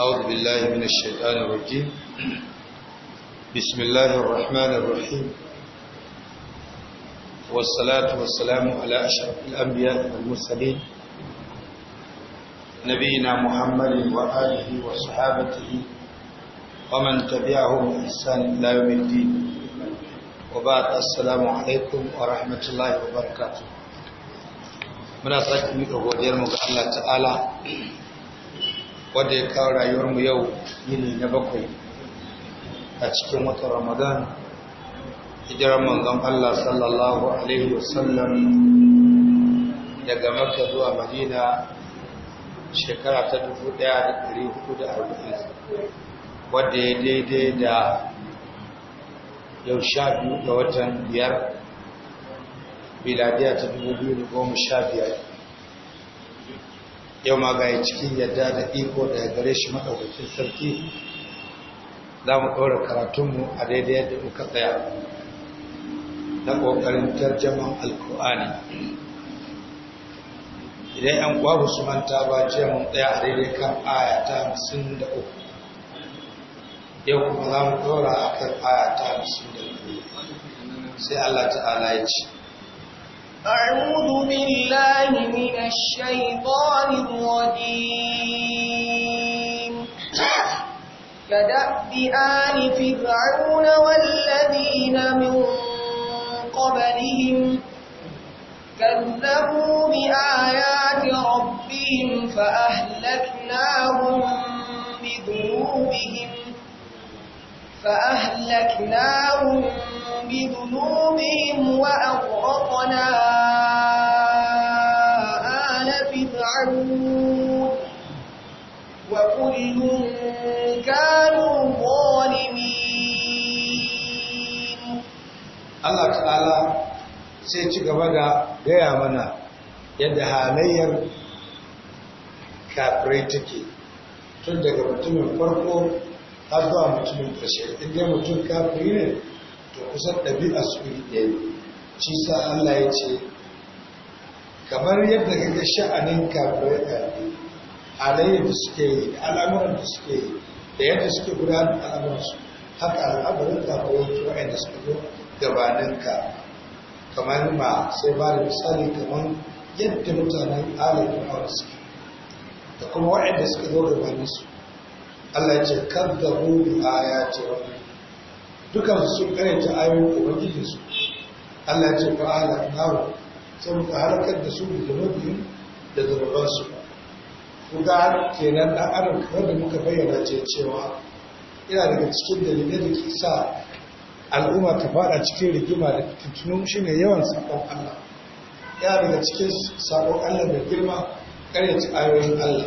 أعوذ بالله من الشيطان الرجيم بسم الله الرحمن الرحيم والصلاة والسلام على أشرف الأنبياء والمرسلين نبينا محمد وآله وصحابته ومن تبعهم بإحسان إلى يوم الدين وبعد السلام عليكم ورحمة الله وبركاته من أسألكم أبو ديرمك الله تعالى wadda ya kawo rayuwarmu yau yini na bakwai a cikin wata ramadan hijirar manzon Allah sallallahu alaihi wasallam daga maka zuwa madina shekara ta 1440 wadda ya daidai da yau sha biyu ga watan biyar biladiya ta 2015 yau ma ga cikin yadda da iko da gare shi maɗaukacin sarki za mu ɗora karatunmu a daidai yadda muka tsaya na ƙoƙarin tarjaman alkur'ani idan yan ƙwaru su manta ba ce mun tsaya a daidai kan aya ta hamsin da uku yau kuma za mu ɗora a kan aya ta hamsin da uku sai allah ta'ala ya ce أعوذ بالله من الشيطان الرجيم كدأب آل فرعون والذين من قبلهم كذبوا بآيات ربهم فأهلكناهم بذنوبهم فأهلكناهم بذنوبهم وأغرقنا عنه sai ci gaba da gaya mana yadda halayyar kafirai take tun daga mutumin farko har zuwa mutumin ƙarshe idan mutum kafiri ne to kusan ɗabi'a su yi ɗaya Cisa sa Allah ya ce kamar yadda kake sha'anin kafirai ɗalibai halayyar da suke yi da al'amuran da suke yi da yadda suke gudanar da al'amuransu haka al'amuran kafirai kuma yadda suke zo gabanin ka kamar ma sai ba da misali kamar yadda mutanen alayyar fir'auna suke da kuma wa'anda suke zo su. Allah ya ce hudu a ya ce wani. dukansu sun karanta ayoyin ubangijinsu Allah ya ce fa'ala nahu saboda halakar da su da zunubin da zunubansu kuga kenan ɗan adam kamar da muka bayyana ce cewa ina daga cikin dalilai da ke sa al'umma ta fada cikin rigima da tuntunun shi ne yawan saƙon Allah ya daga cikin saƙon Allah da girma ƙaryaci ayoyin Allah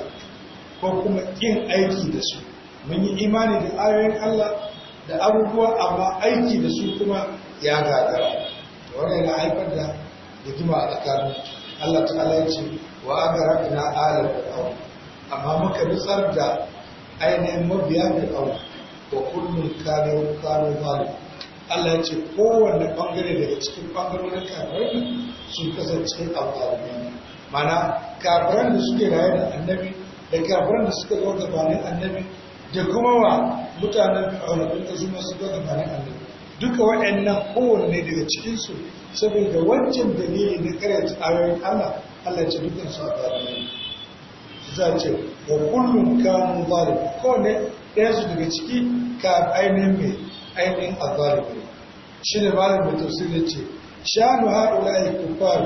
ko kuma yin aiki da su mun yi imani da ayoyin Allah da abubuwa amma aiki da su kuma ya gagara wannan yana haifar da rigima a tsakanin Allah ta ya ce wa agara ina ala fir'aun amma muka nutsar da ainihin mabiya fir'aun wa kullum kare kare zalim Allah ya ce kowanne bangare daga cikin bangarorin kafirai sun kasance a zalimai mana kafiran da suke raye da annabi da kafiran da suka zo gabanin annabi da kuma wa mutanen fir'aun da su suka zo gabanin annabi duka waɗannan kowanne daga cikinsu saboda wancan dalili na karyata ayoyin Allah Allah ce dukkan su a ne za ce wa kullum kanu zalim kowanne ɗaya su daga ciki ka ainihin mai ainihin a ne shi ne malam mai da ce shanu da ya kufar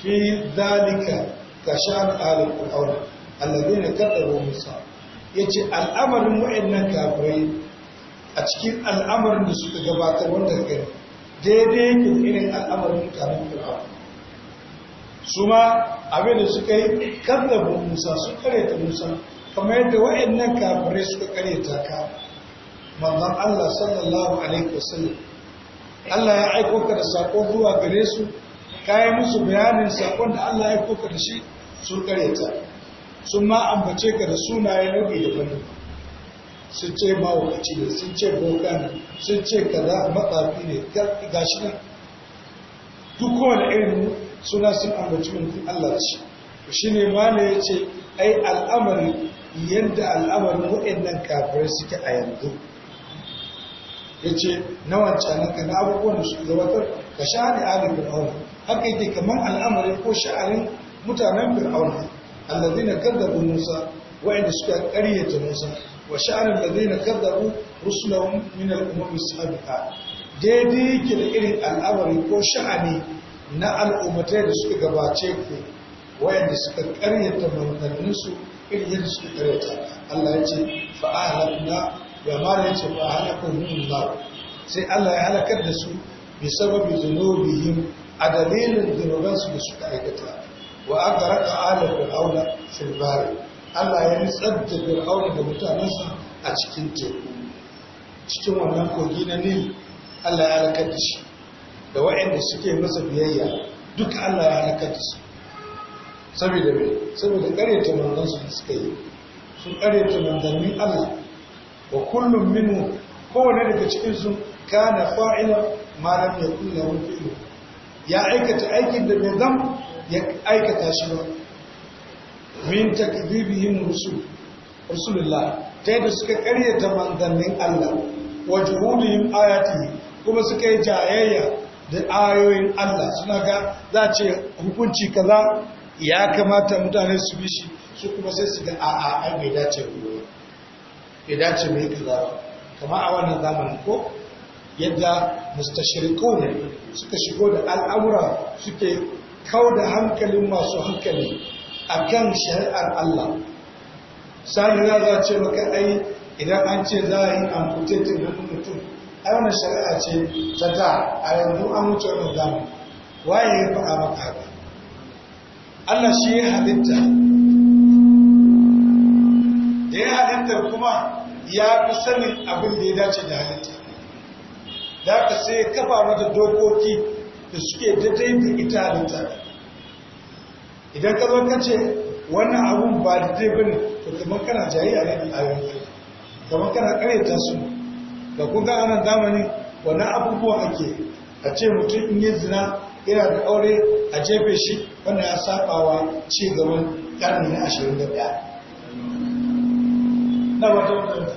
fi zalika ka shanu Allah ƙur'auna allazi ne kaɗa musa ya ce al'amarin waɗannan kafirai a cikin al'amarin da suka gabatar wanda ka daidai yake irin al'amarin mutanen fir'aun su ma abin da suka yi kallabin musa su kareta musa kamar yadda wa'annan kafirai suka kareta ka manzon allah sallallahu alaihi wasallam allah ya aiko ka da sako zuwa gare su ka yi musu bayanin sakon da allah ya aiko ka da shi sun kareta sun ma ka da sunayen nufi da bane sun ce mawakaci ne sun ce boka ne sun ce kaza matsafi ne ga shi nan duk wani irin suna sun ambaci mulkin Allah ce shi ne ma ne ya ce ai al'amari yadda al'amarin waɗannan kafirai suke a yanzu ya ce na wancan na na abubuwan da suke gabatar ka sha'ani alin fir'auna haka yake kamar al'amarin ko sha'anin mutanen fir'auna allazina kaddabu musa wa'anda suka ƙaryata musa wa sha'anin da zai na kaddaru rusulahun daidai yake da irin al'amari ko sha'ani na al'ummatai da suka gabace ku wayanda suka karyata manzanninsu irin yadda suka karyata Allah ya ce fa'ahalakna ya mara ya ce fa'ahalakun hun ba sai Allah ya halakar da su bi sababi zunubihim a dalilin zunubansu da suka aikata wa aka raka ala Aula, filbari Allah ya nutsar da fir'auna da mutanensa a cikin teku cikin wannan kogi na nil Allah ya halakar da shi da waɗanda suke masa biyayya duka Allah ya halakar da su saboda mai saboda ƙaryata manzansu su suka yi sun ƙaryata manzannin Allah wa kullum minu kowane daga cikinsu kana fa'ila malam ya kulla wani ya aikata aikin da bai zam ya aikata shi ba min takdhibihim rusul rasulullah ta yadda suka ta manzannin Allah wa juhudihim ayati kuma suka yi jayayya da ayoyin Allah suna ga za ce hukunci kaza ya kamata mutane su bi shi su kuma sai su ga a'a ai bai dace ba bai dace mai kaza ba a wannan zamanin ko yadda mustashirikun suka shigo da al'amura suke kau da hankalin masu hankali a kan shari'ar Allah sani ya za ce maka ai idan an ce za a yi amputatin hannun mutum ai wani shari'a ce ta ta a yanzu an wuce wani zamu waye ya faɗa maka haka Allah shi ya halitta da ya halitta kuma ya fi sanin abin da ya dace da halitta da aka sai kafa mata dokoki da suke daidai da ita halitta idan ka zo ka ce wannan abun ba da zai bane to kamar kana jayi a da ayoyin Allah kamar kana karyata su da kun ga anan zamani wannan abubuwa ake a ce mutum in yi zina yana da aure a jefe shi wannan ya sabawa ci gaban karni na ashirin da daya na wata wata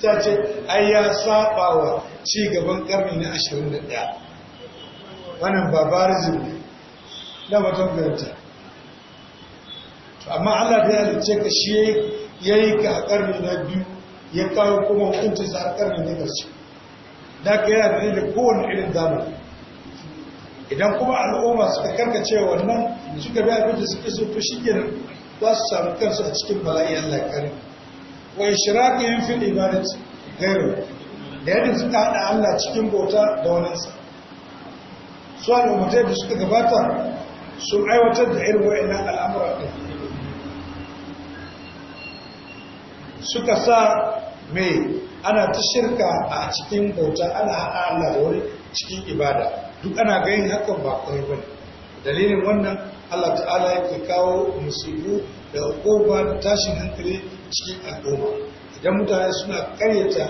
ta ce ai ya sabawa ci gaban karni na ashirin da daya wannan babarizm ne na wata wata amma Allah da ya halice ka shi ya yi ka a ƙarni na biyu ya kawo kuma za a ƙarni na ƙarshe da ka yi da da kowane irin damar idan kuma al'umma suka karkace wannan suka bi abin da suke so to shi gina ba su samu kansu a cikin bala'i Allah kare ka yi fil ibadati gairo? da yadda suka hada Allah cikin bauta da wanansa su al'ummatai da suka gabata sun aiwatar da irin wa'annan al'amura suka sa mai ana ta shirka a cikin bauta ana haɗa Allah da wani cikin ibada duk ana ganin hakan ba kawai ba dalilin wannan Allah ta'ala ya kawo musulmi da ƙoba da tashin hankali cikin al'umma idan mutane suna karyata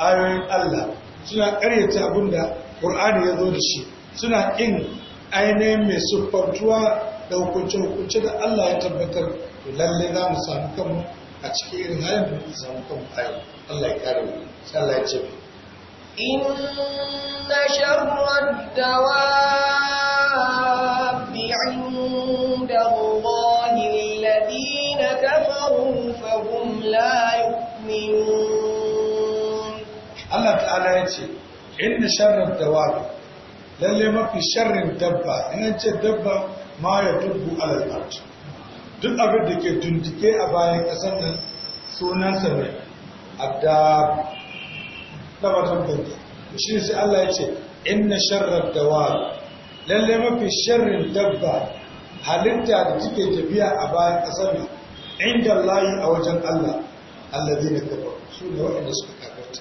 ayoyin Allah suna ƙaryata da Qur'ani ya zo da shi suna ƙin ainihin mai siffantuwa da hukunce-hukunce da Allah ya tabbatar lalle za mu sami kanmu a cikin irin halin da ke samu kan bayan Allah ya kare mu sai Allah ya ce inna sharra dawabi inda Allahi alladhina kafaru fa hum la yu'minun Allah ta'ala ya ce inna sharra dawabi lalle mafi sharrin dabba in ce dabba ma ya tubbu alal ardh duk abin da ke tuntuke a bayan ƙasar nan sunansa ne da na batun banki shi sai Allah ya ce inna da wa lalle mafi sharrin dabba halitta da take tafiya a bayan ƙasar nan inda layi a wajen Allah Allah zai na gaba su ne waɗanda suka kafarta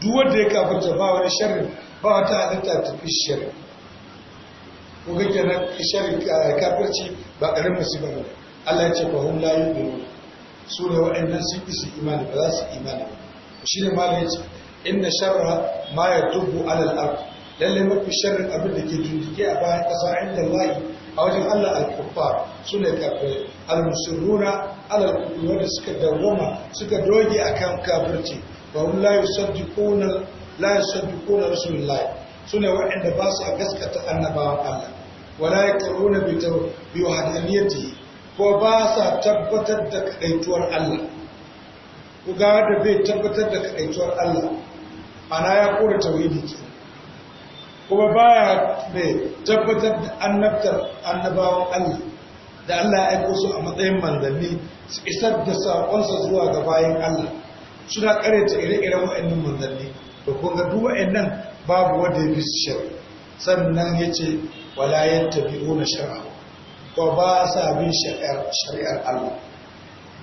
duk wanda ya kafarta ba wani sharrin ba wata halitta tafi sharrin ko ga kenan sharri kafirci ba karamin musiba ba Allah ya ce ba fa hum la yu'minun su ne wa'annan sun isi imani ba za su imani ba shi ne malam ya ce inna sharra ma yatubu ala al-ard lalle mafi sharrin abin da ke dindike a bayan ƙasa, inda Allah a wajen Allah al-kuffar su ne kafirai al-musirruna ala al-kufri wanda suka dawwama suka doge akan kafirci wa hum la yusaddiquna la yusaddiquna rasulullahi suna waɗanda ba su a gaskata annabawan Allah wala yaquluna bi bi wahdaniyati ko ba sa tabbatar da kadaituwar Allah ku ga da bai tabbatar da kadaituwar Allah ana ya kore tauhidi ke kuma baya ne tabbatar da annabtar annabawan Allah da Allah ya aiko su a matsayin manzanni su isar da saƙonsa zuwa ga bayan Allah suna ƙareta ire-iren wa'annan manzanni da kuma duk wa'annan babu wanda ya fi sannan ya ce walayen tabi'o na shari'a ko ba sa bin shari'ar Allah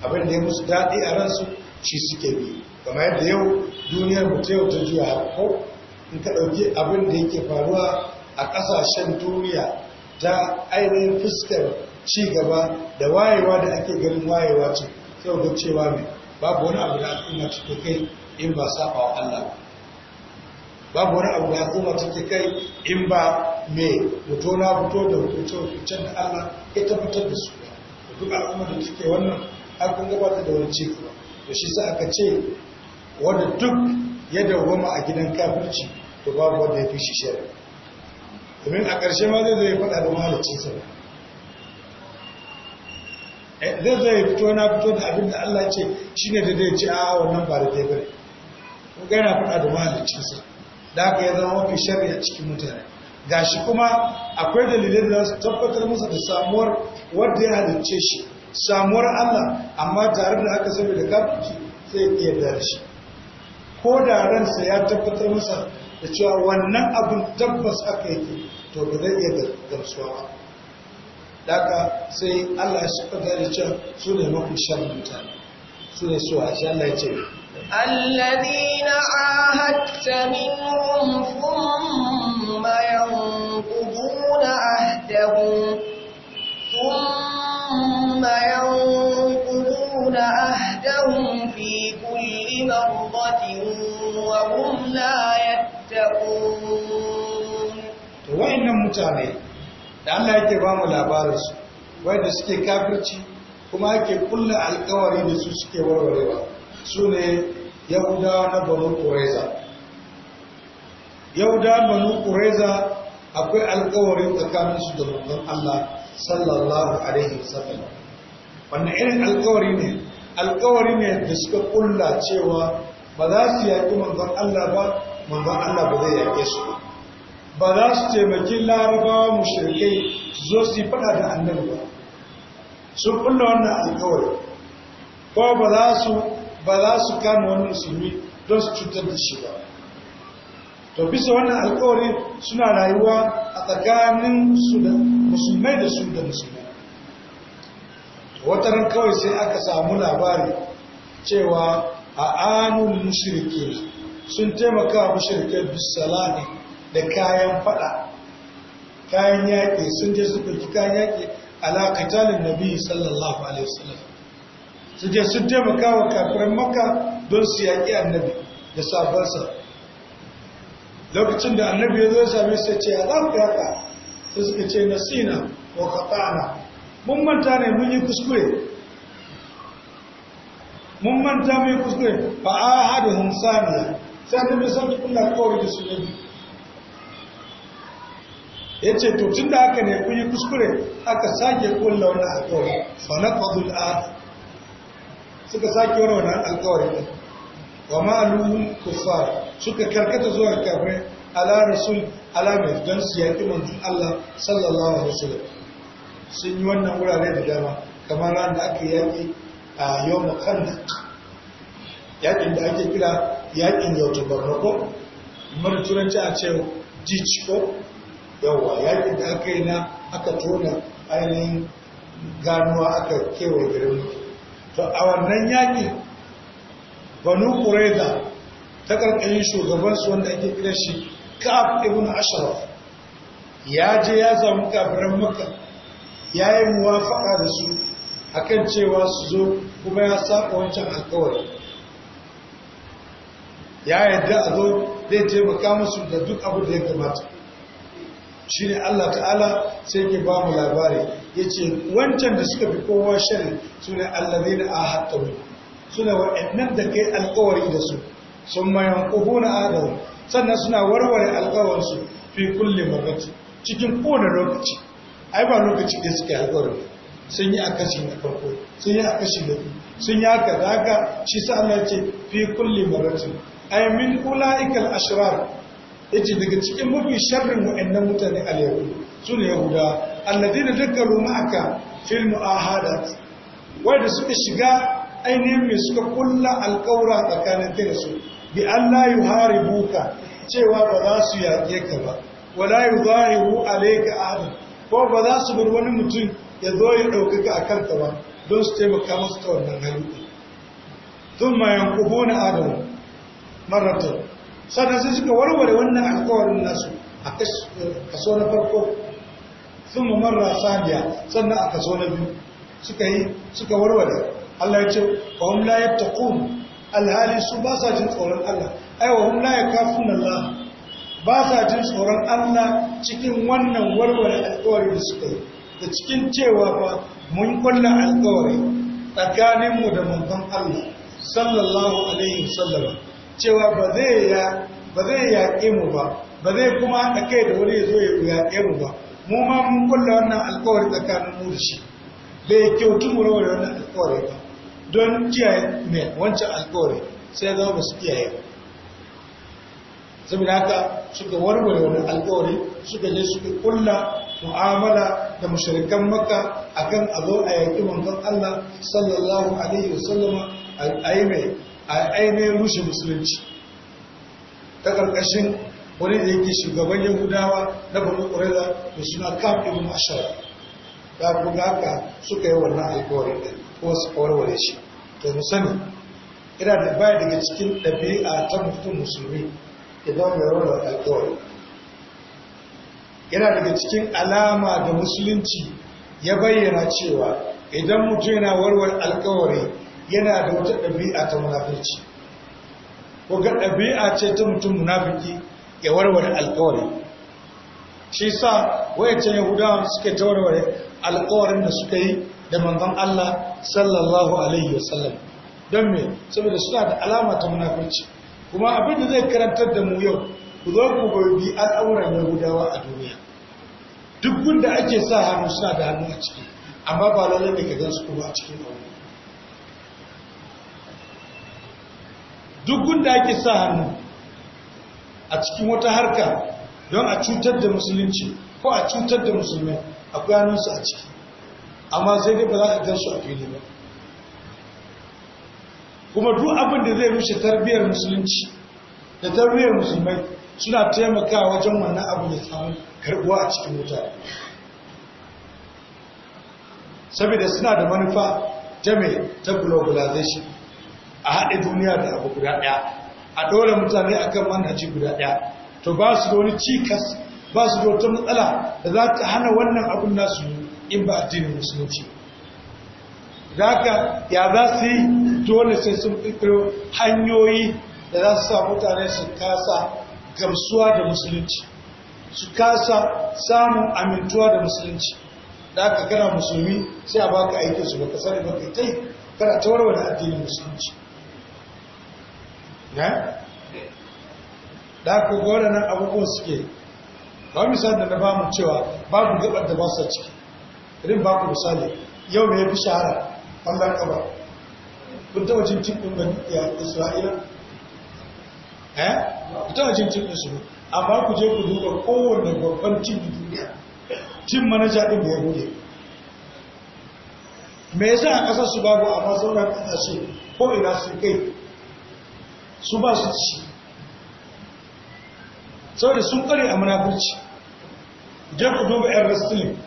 abin da ya musu daɗi a ransu shi suke bi kama yadda yau duniyar mutu yau ta juya ko in ka ɗauki abin da yake faruwa a ƙasashen duniya ta ainihin fuskar ci gaba da wayewa da ake ganin wayewa ce sau ga cewa mai babu wani abu da al'umma ta kai in ba saɓa wa Allah ba babu wani abu da al'umma take kai in ba me fito na fito da hukunci hukunci da Allah ya tabbatar da su da duk al'umma da take wannan har kun gabata da wani cikin gaba da shi sa aka ce wanda duk ya dawwama a gidan kafirci to babu wanda ya fi shi shari'a domin a ƙarshe ma zai zai faɗa da sa eh, zai zai fito na fito da abin da Allah ce shine da zai ce a wannan ba da dai bane ko ga yana faɗa da sa. da aka ya zama mafi shari a cikin mutane shi kuma akwai dalilai da su tabbatar masa da samuwar wanda ya halicce shi samuwar Allah amma tare da haka da kafin sai ya yarda da shi ko da ransa ya tabbatar masa da cewa wannan abin tabbas aka yake to ba zai iya gamsuwa ba daga sai Allah ya shi da cewa su ne mafi shari mutane su ne su a shi Allah ya ce الذين عاهدت منهم ثم ينقضون عهدهم ثم ينقضون عهدهم في كل مرضة وهم لا يتقون وين متعني dan Allah yake ba mu labarinsu wanda suke kafirci kuma ake kulle alkawari da su suke warwarewa su ne yahudawa na banu ƙureza na banu ƙureza akwai alƙawarin tsakaninsu da manzon Allah sallallahu alaihi wasallam wannan irin alƙawari ne alƙawari ne da suka kulla cewa ba za su yaƙi manzon Allah ba manzon Allah ba zai yaƙe su ba ba za su taimaki larabawa mushrikai su zo su yi faɗa da annabi ba sun kulla wannan alƙawari ko ba za su ba za su kama wani musulmi don su cutar da shi ba to bisa wannan alkawari suna rayuwa a tsakanin su da musulmai da su da musulmai wata ran kawai sai aka samu labari cewa a anun mushrike sun taimaka wa mushrike bisalani da kayan fada kayan yaƙi sun je su ɗauki kayan yaƙi ala katalin nabi sallallahu alaihi wasallam su je sun taimaka wa kafirin maka don su yaƙi annabi da sabansa lokacin da annabi ya zo same su ce ya za yaƙa sai suka ce na sina ko kaɗana mun manta ne mun yi kuskure mun manta mun yi kuskure ba a haɗu hamsaniya sai annabi sauki kuna kawai da su nabi ya ce to tun da haka ne kun yi kuskure aka sake kulla wani alƙawari fa na fadul ahad suka sake wani wannan alkawari ne wa ma'alumin kuffar suka karkata zuwa kafin ala rasul ala mai don su yaƙi manzun Allah sallallahu alaihi wasallam sun yi wannan wurare da dama kamar ran da aka yaƙi a yau khandaq yaƙin da ake kira yaƙin yautu barnako mun turanci a ce dichko yawa yaƙin da aka yi na aka tona ainihin ganuwa aka kewaye gari mutum to a wannan yaƙi banu ƙuraiza ta ƙarƙashin shugabansu wanda ake kira shi ka'ab ibn ashraf ya je ya samu kafiran maka ya yi muwafaƙa da su a kan cewa su zo kuma ya saƙa wancan alkawari ya yadda a zo zai taimaka musu da duk abu da ya kamata shi ne Allah ta'ala sai ke ba mu labari ya ce wancan da suka fi kowa shari su ne allazi na ahattaru su ne wa'annan da kai alkawari da su sun mayan kuhu na adawa sannan suna warware alkawarsu fi kulle mabati cikin kowane lokaci ai ba lokaci da suke alkawari sun yi akashi na farko sun yi akashi na biyu sun yi aka da shi sa Allah ce fi kulle mabati ai min ula'ikal ashrar yace daga cikin mafi sharrin waɗannan mutane al-yahud su ne yahuda alladina dakaru ma'aka fil mu'ahadat wanda suka shiga ainihin mai suka kulla alƙawura tsakanin kai da su bi Allah yuharibuka cewa ba za su yaƙe ka ba wala yuzahiru alayka ahad ko ba za su bar wani mutum ya zo ya ɗaukaka a ka ba don su taimaka musu ta wannan hali ثم ينقضون آدم مرة sannan sai suka warware wannan alkawarin nasu a kaso na farko sun mamarra saniya sannan a kaso na biyu suka yi suka warware Allah ya ce wa laye ta kun alhali su ba sa jin tsoron Allah ai wa hum la yakafun Allah ba sa jin tsoron Allah cikin wannan warware alkawarin da suka yi da cikin cewa ba mun kulla alƙawari tsakaninmu da mankan Allah sallallahu alaihi wasallam cewa ba zai ya yaƙe mu ba ba zai kuma haɗa kai da wani ya zo ya yaƙe mu ba mu ma mun kulla wannan alkawari tsakanin mu da shi bai kyautu mu rawar wannan alkawari ba don kiyaye mai wancan alkawari sai zama ba su kiyaye ba saboda haka suka warware wannan alkawari suka je suka kulla mu'amala da mushrikan makka akan a zo a yaƙi manzon Allah sallallahu alaihi wasallama a yi mai a ainihin rushe musulunci ta ƙarƙashin wani da yake shugaban yahudawa na babu ƙuraiza da suna kan ibn ashara ta kuma haka suka yi wannan alkawarin da wasu su kawarware shi to mu sani ina da baya daga cikin ɗabi'a ta mutum musulmi idan mai rawar alkawarin yana daga cikin alama da musulunci ya bayyana cewa idan mutum yana warware alkawarin yana da wata ɗabi'a ta munafirci ko ga ɗabi'a ce ta mutum munafiki ya warware alkawari shi sa ya yahudawa suke ta warware alkawarin da suka yi da manzon Allah sallallahu alaihi wasallam don me saboda suna da alama ta munafirci kuma abin da zai karantar da mu yau ku zo ku goyi al'amuran yahudawa a duniya duk gunda ake sa hannu suna da hannu a ciki amma ba lallai ne ka gan su kuma a cikin aure duk gunda ake sa hannu a cikin wata harka don a cutar da musulunci ko a cutar da musulmai akwai hannunsu a ciki amma zai dai ba za a gan su a fili ba kuma duk abin da zai rushe tarbiyyar musulunci da tarbiyyar musulmai suna taimaka wajen wannan abu ya samu karbuwa a cikin wuta. saboda suna da manufa ta mai ta globalization a haɗe duniya da abu guda ɗaya a ɗaura mutane akan manhaji guda ɗaya to ba su da wani cikas ba su da wata matsala da za ta hana wannan abin nasu in ba addinin musulunci da haka ya za su yi dole sai sun ƙirƙiro hanyoyi da za su sa mutane su kasa gamsuwa da musulunci su kasa samun amintuwa da musulunci da aka kana musulmi sai a baka aiki su baka sani baka kai kana ta warware addinin musulunci ya da ku gora nan abubuwan suke ba misali da na ba mu cewa babu gabar da ba su ciki irin ba ku misali yau ne ya fi shahara ɓangar ƙaba kun taɓa cin cin ɗin gani ya isra'ila eh ku taɓa cin cin ɗin su amma ku je ku duba kowane babban cin duniya cin manaja ɗin da ya gude me yasa a ƙasar su babu amma sauran ƙasashe ko ina su kai su ba su ci da sun kare a munafurci jan ku duba 'yan rastilin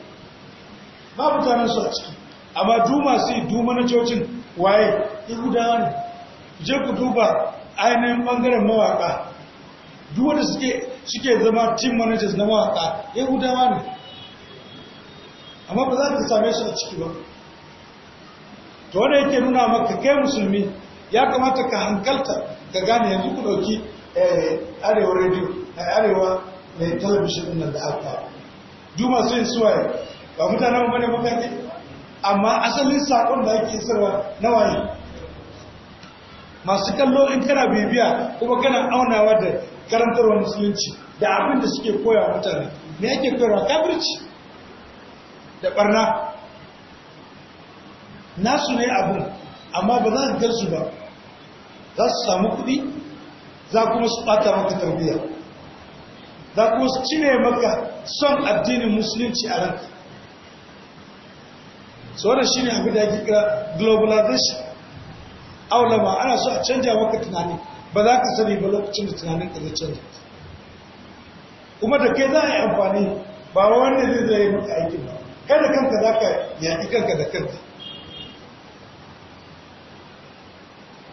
ba mutanen su a ciki amma duma su yi duma na cocin waye yahudawa ne je ku duba ainihin bangaren mawaƙa duk wanda suke zama team managers na mawaƙa yahudawa ne amma ba za ka same su a ciki ba to wanda yake nuna maka kai musulmi ya kamata ka hankalta ka gane yanzu ku ɗauki eh, arewa radio na eh, arewa mai talabishin nan da aka Juma su yin suwaye ba mutane ba ne mutane amma asalin sakon da ake sarwa na waye masu kallo in kana bibiya kuma kana aunawa da karantarwa musulunci da abin da suke koya mutane me yake koyarwa kabirci da barna nasu ne abin amma ba za ka gasu ba za su samu kuɗi za kuma su bata maka tarbiyya za kuma su cire maka son addinin musulunci a ranka so wannan shine abu da yake kira globalization aulama ana so a canja maka tunani ba za ka sani ba lokacin da tunanin ka zai canja kuma da kai za a yi amfani ba wani zai zai maka aikin ba kai da kanka za ka yaƙi kanka da kanka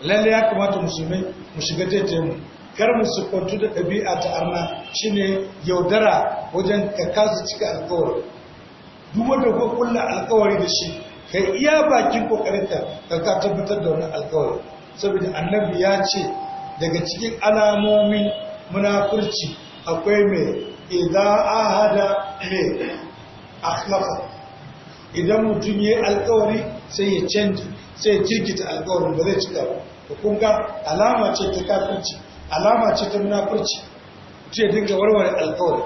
lalle ya kamata musulmi mu shiga mu. kar mu sukwantu da ɗabi'a ta arna shine yaudara wajen ka kasu cika alkawari duk wanda ko kulla alkawari da shi kai iya bakin kokarinta ka ka tabbatar da wani alkawari saboda annabi ya ce daga cikin alamomin munafurci akwai mai idan ahada mai akhlafa idan mutum ya yi alkawari sai ya canji sai ya jirgita alkawarin ba zai cika ba Kunga alama ce ta kafirci alama ce ta munafurci ce dinga warware alkawari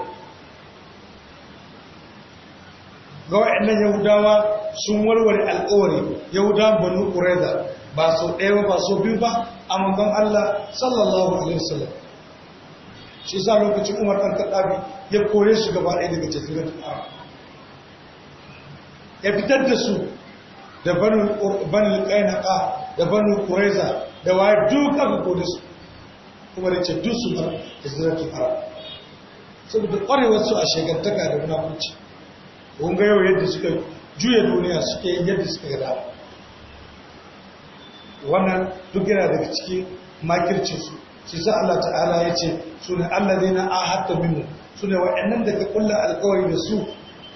ga waɗannan yahudawa sun warware alkawari yahudawa banu ƙureza ba sau ɗaya ba ba sau biyu ba a manzon Allah sallallahu alaihi wasallam shi sa lokacin Umar ɗan Kadabi ya kore su gaba ɗaya daga jaziratul Arab ya fitar da su da banu banu da banu Quraiza da waye duka ga kone kuma da ce duk su da zirafin arab saboda ƙwarewar su a shagantaka da munafurci kun ga yau yadda suka juya duniya suke yadda suka gada wannan duk yana daga ciki makircin su shi sa Allah ta'ala ya ce su ne Allah ne na ahatta minu su ne wa'annan da ka kulla alkawari da su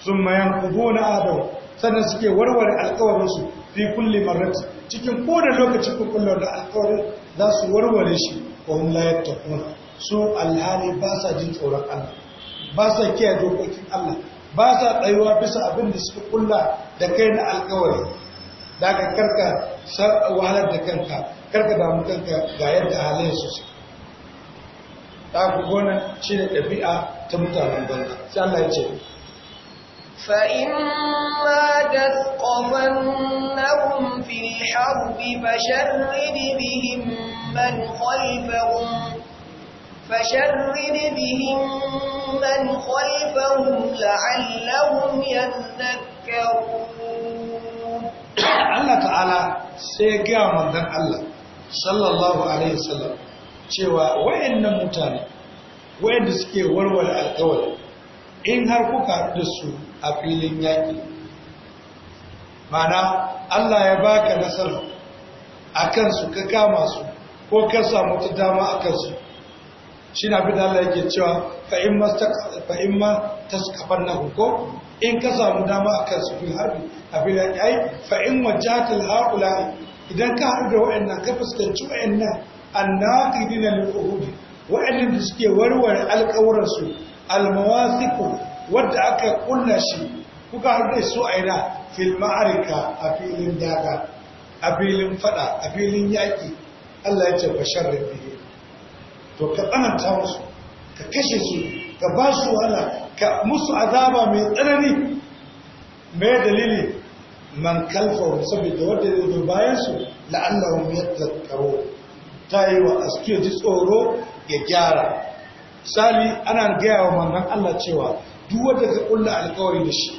sun mayan kubo na adam sannan suke warware alkawarinsu fi kulli marrati cikin kowane lokaci ku da alƙawari za su warware shi ko hum la kuma. su alhali ba sa jin tsoron Allah ba sa kiyaye dokokin Allah ba sa tsayuwa bisa abin da suka kulla da kai na alƙawari daga karka wahalar da kanka karka damu kanka ga yadda halayen su su ta ku gona shi da ɗabi'a ta mutanen banza sai Allah ya ce فإما تثقفنهم في الحرب فشرد بهم من خلفهم فشرد بهم من خلفهم لعلهم يذكرون الله تعالى سيقام من الله صلى الله عليه وسلم cewa wayannan mutane wayanda suke warware alƙawari in har kuka da su a filin yaƙi mana Allah ya baka nasara a kansu ka kama su ko ka samu ta dama a kansu shi na fi dala yake cewa fa'in ma ta kafar na ko in ka samu dama a kansu fi harbi a filin yaƙi ai fa'in wajatul haƙula idan ka haɗu da waɗannan ka fuskanci waɗannan annaƙidina lil uhudi waɗannan da suke warware alƙawuransu almawasiku wadda aka kunna shi kuka haɗe su a ina fil a filin daga a filin fada a filin yaƙi Allah ya ce ba sharrin bihi to ka tsananta musu ka kashe su ka ba su wahala ka musu azaba mai tsanani mai dalili man kalfahu saboda wadda ya zo bayan su yadda yadhakkaru ta yi wa aske ji tsoro ya gyara misali ana gaya wa manzon Allah cewa duk wanda ka kulla alƙawari da shi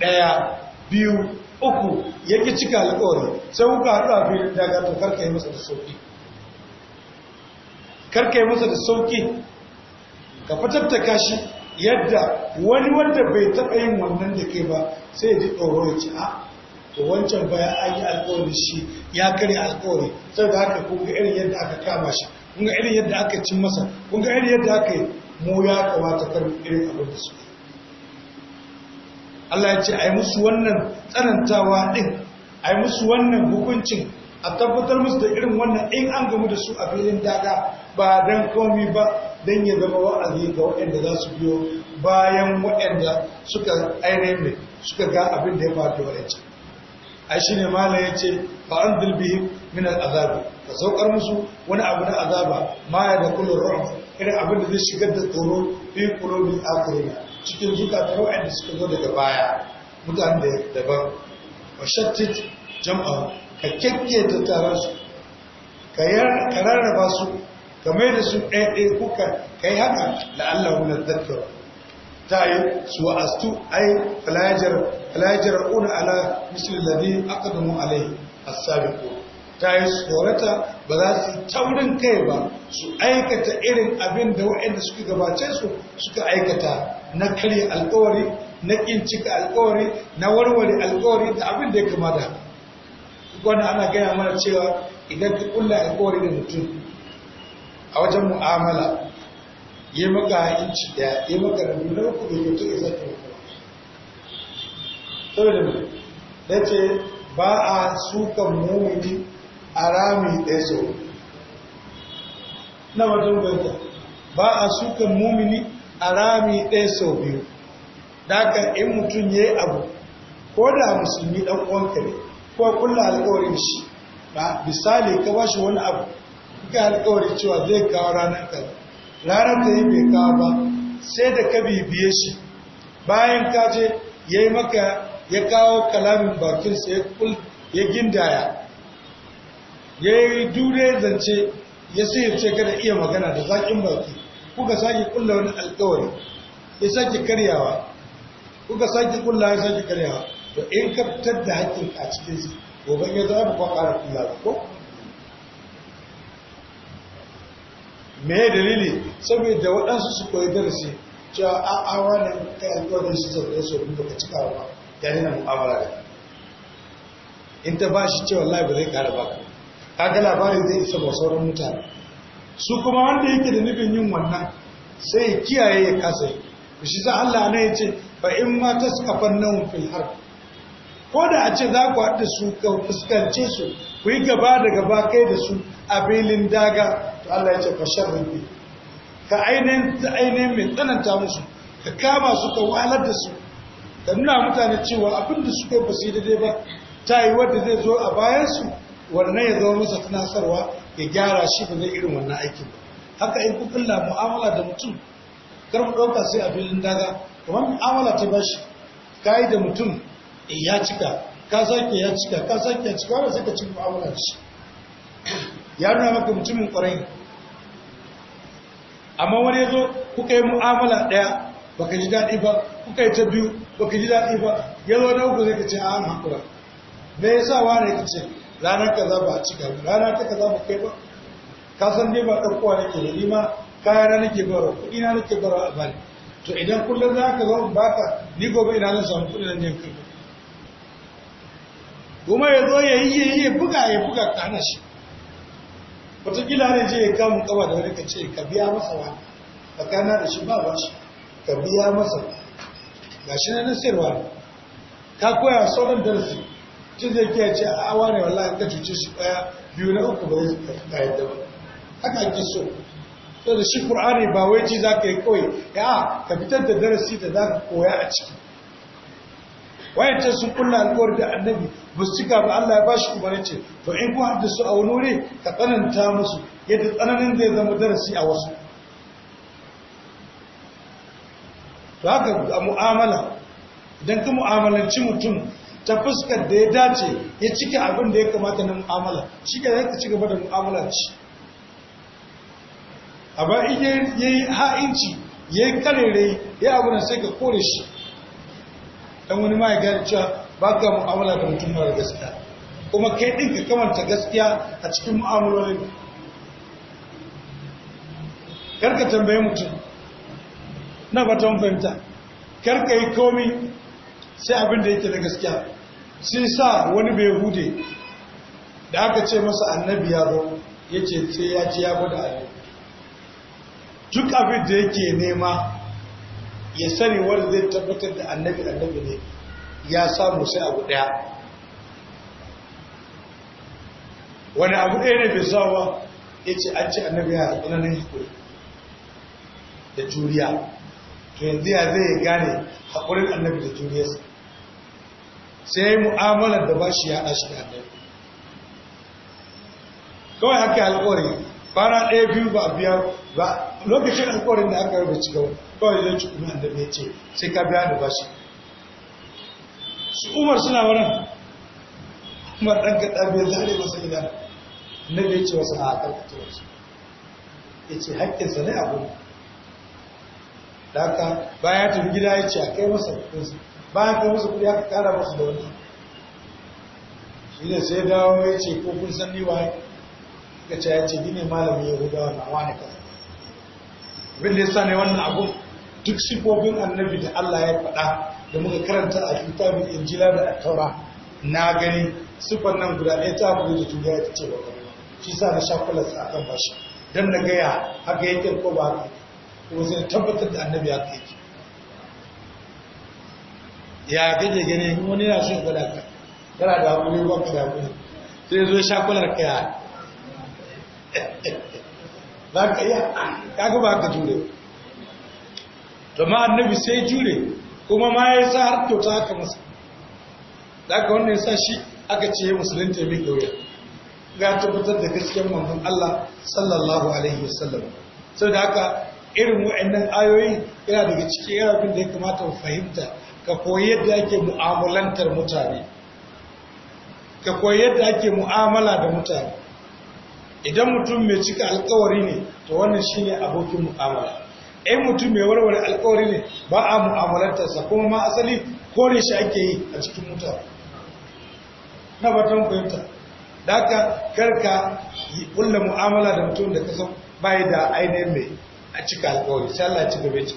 ɗaya biyu uku ya yake cika alƙawari sai kuka haɗu a filin daga to karka yi masa da sauki karka yi masa da sauki ka fatattaka kashi yadda wani wanda bai taɓa yin wannan da kai ba sai ya ji tsoro ya ci a ah, to wancan baya an yi alƙawari shi ya karya alƙawari sai da haka kuka irin yadda aka kama shi kun ga irin yadda aka cin masa kun irin yadda aka yi mu ya kawata kan irin abin da su Allah ya ce ai musu wannan tsanantawa din ai musu wannan hukuncin a tabbatar musu da irin wannan in an gamu da su a filin daga ba dan komi ba dan ya zama wa'azi ga waɗanda za su biyo bayan waɗanda suka ainihin ne suka ga abin da ya faru da waɗancan ai shine malai ya ce ba an dilbihim min al'azabi ka saukar musu wani abu na azaba ma ya da kullu ru'uf irin abin da zai shigar da tsoro fi qulubil akhirin cikin zukatan wa'anda suka zo daga baya mutane da daban wa shattit jam'a ka kekketa taron su ka rarraba su ka mai da su ɗaya ɗaya kuka ka yi haka la'allahu na zakkara ta yi su wa'astu ai falajar falajar una ala misli ladhi aqdamu alai as-sabiqun ta yi tsorata ba za su taurin kai ba su aikata irin abin da waɗanda suka gabace su suka aikata na karya alkawari na ƙin cika alkawari na warware alkawari da abin da ya kama da wani ana gaya mana cewa idan ka kulla alkawari da mutum a wajen mu'amala yi maka inci daya yi maka rabu na uku da mutum ya zata maka saboda mu ce ba a sukan mumini a rami ɗaya sau na wajen gwanta ba a sukan mumini arami rami ɗaya sau biyu daga in mutum ya yi abu ko da musulmi ɗan uwanka ne ko kula alƙawarin shi ba misali ka ba shi wani abu ga alƙawarin cewa zai kawo ranar ka ranar ta yi bai kawo ba sai da ka bibiye shi bayan ka je ya yi maka ya kawo kalamin bakinsa ya gindaya ya yi dure zance ya sai ya ce kada iya magana da zaƙin baki kuka sake kulla wani alƙawari ya sake karyawa kuka sake kulla ya sake karyawa to in ka fitar da haƙƙin a cikin su gobe ya za kwa ƙara kulla ko me dalili saboda waɗansu su koyi darasi cewa a awa ne yi alƙawarin su zaɓe su wani baka cikawa ba yayin mu'amala da in ta ba shi cewa lai ba zai ƙara baka kaga labarin zai isa ba sauran mutane su kuma wanda yake da nufin yin wannan sai ya kiyaye ya kasa yi shi za Allah ne ya ce ba in ma ta skafan nan fil har ko da a ce za ku haɗu su ka fuskance su ku yi gaba da gaba kai da su a filin daga to Allah ya ce fa rufe ka ainihin mai tsananta musu ka kama su ka walar da su ka nuna mutane cewa abin da suka yi ba su daidai ba ta yi wadda zai zo a bayansu wannan ya zama masa tunasarwa ya gyara shi ba zai irin wannan aikin ba haka in kulla mu'amala da mutum kar mu ɗauka sai a filin daga kuma mu'amala ta bashi ka yi da mutum eh, ya cika ka sake ya cika ka sake ya cika wannan sai ka ci mu'amala da shi ya nuna maka mutumin kwarai. amma wani ya zo kuka yi mu'amala ɗaya baka ji daɗi ba kuka yi ta biyu baka ji daɗi ba ya wani na uku zai ka ce a an me yasa wani ya ce ranar kaza ba a cika ba rana ta kaza ba kai ba ka san ne ba ɗaukowa nake da ni ma kaya na nake bara kuɗi na nake bara a bani to idan kullum za ka zo in baka ni gobe ina zan samu kuɗi ne ka ba kuma ya zo ya yi ya buga ya buga hana shi wataƙila ne je ya mu kawa da wani ka ce ka biya masa wa na da shi ba ba shi ka biya masa ga shi na nasirwa ka koya sauran darasi shi zai ke ce a wane wallah ka cuce shi daya biyu na uku ba zai ka yadda ba haka ake so to da shi qur'ani ba wai ji zaka yi koyi ya ka fitar da darasi da zaka koya a ciki ta sun kulla alƙawar da annabi ba su cika ba Allah ya ba shi umarni ce to in ku su a wani wuri ka tsananta musu yadda tsananin zai zama darasi a wasu to haka mu'amala idan ka mu'amalanci mutum ta fuskar da ya dace ya cika abin da ya kamata na mu'amala shi ka zai ka ci gaba da mu'amala ci a ba in ya yi ha'inci ya yi karere ya abu na sai ka kore shi dan wani ma ya gani cewa ba ka mu'amala da mutum mara gaskiya kuma kai ɗin ka kamanta gaskiya a cikin mu'amalolin karka tambaye mutum na ba ta fahimta karka yi komi sai abin da yake na gaskiya sai sa wani bai hude da aka ce masa annabi ya zo ya ce sai ya ci ya gudu annabi duk abin da yake nema ya sani wanda zai tabbatar da annabi annabi ne ya samu sai abu daya wani abu ɗaya ne bai sawa ya ce an ci annabi ya haɗu nan hikuri da juriya to yanzu ya zai gane haƙurin annabi da juriyarsa sai mu'amalar da ba shi ya ɗashi da ɗaya kawai haka alƙawari fara ɗaya biyu ba biya ba lokacin alƙawarin da aka rubuta cika kawai zai ci kuma da mai ce sai ka biya da ba shi su umar suna wurin umar ɗan kaɗa bai zare masa gida na ya ce wasu a ƙarƙata wasu ya ce haƙƙinsa ne abu da aka bayan ta gida ya ce a kai masa bayan kan musu kuɗi aka kara musu da wani shi ne sai dawo ya ce ko kun san ni waye ka ce ya ce ni ne malamin yahudawa na wani kaza abin da ya sa ne wannan abun duk sifofin annabi da Allah ya faɗa da muka karanta a littafin injila da taura na gani sifan nan guda ɗaya ta abu da juriya ta ce wa shi sa na shakular sa akan bashi don na gaya haka yake ko ba haka kuma sai tabbatar da annabi haka yake ya gaje gane wani na shi kula ka kana da abu ne wanka da abu sai zo sha kular ka ya ba ka iya ga ba ka jure to ma annabi sai jure kuma ma ya sa har kyauta haka masa za ka wannan ya sa shi aka ce musulunta mai gauya ga tabbatar da gaskiyar manzon Allah sallallahu alaihi wasallam da haka irin wa'annan ayoyi yana daga cikin abin da ya kamata mu fahimta ka koyi yadda ake mu'amalantar mutane ka koyi yadda ake mu'amala da mutane idan mutum mai cika alkawari ne to wannan shine abokin mu'amala ai mutum mai warware alkawari ne ba a sa, kuma ma asali kore shi ake yi a cikin mutane na batun kwanta da aka karka yi kulla mu'amala da mutum da kasan bai da ainihin mai a cika alkawari shi Allah ya ci gaba ya ci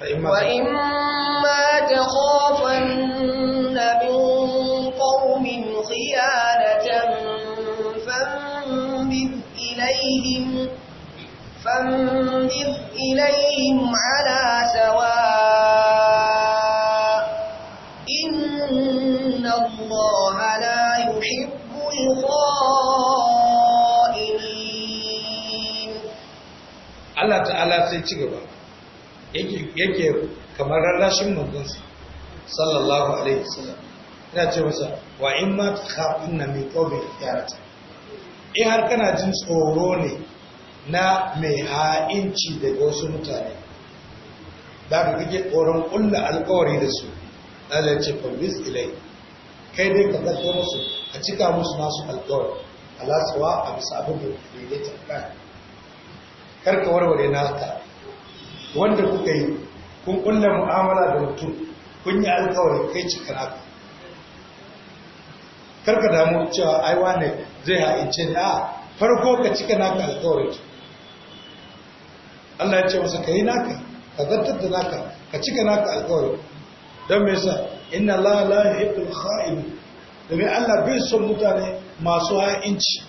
وإما تخافن من قوم خيانة فانبذ إليهم فانبذ إليهم على سواء إن الله لا يحب الخائنين الله تعالى سيتشغل yake kamar rarrashin manzonsa sallallahu alaihi wasallam ina ce masa wa in ma takhafunna min qawli yarata in har kana jin tsoro ne na mai ha'inci da wasu mutane da ka kake tsoron ƙulla alƙawari da su Allah ce fabis ilai kai dai ka zato musu a cika musu nasu alƙawari alasawa a bisa abin da ya ta kan ka warware naka wanda kuka yi kun kulle mu'amala da mutum kun yi alkawari kai cikin haka karka damu cewa ai wane zai ha'ince ni a farko ka cika naka alkawari Allah ya ce masa ka yi naka ka zartar da naka ka cika naka alkawari don me yasa inna la la yuhibbul kha'in domin Allah bai son mutane masu ha'inci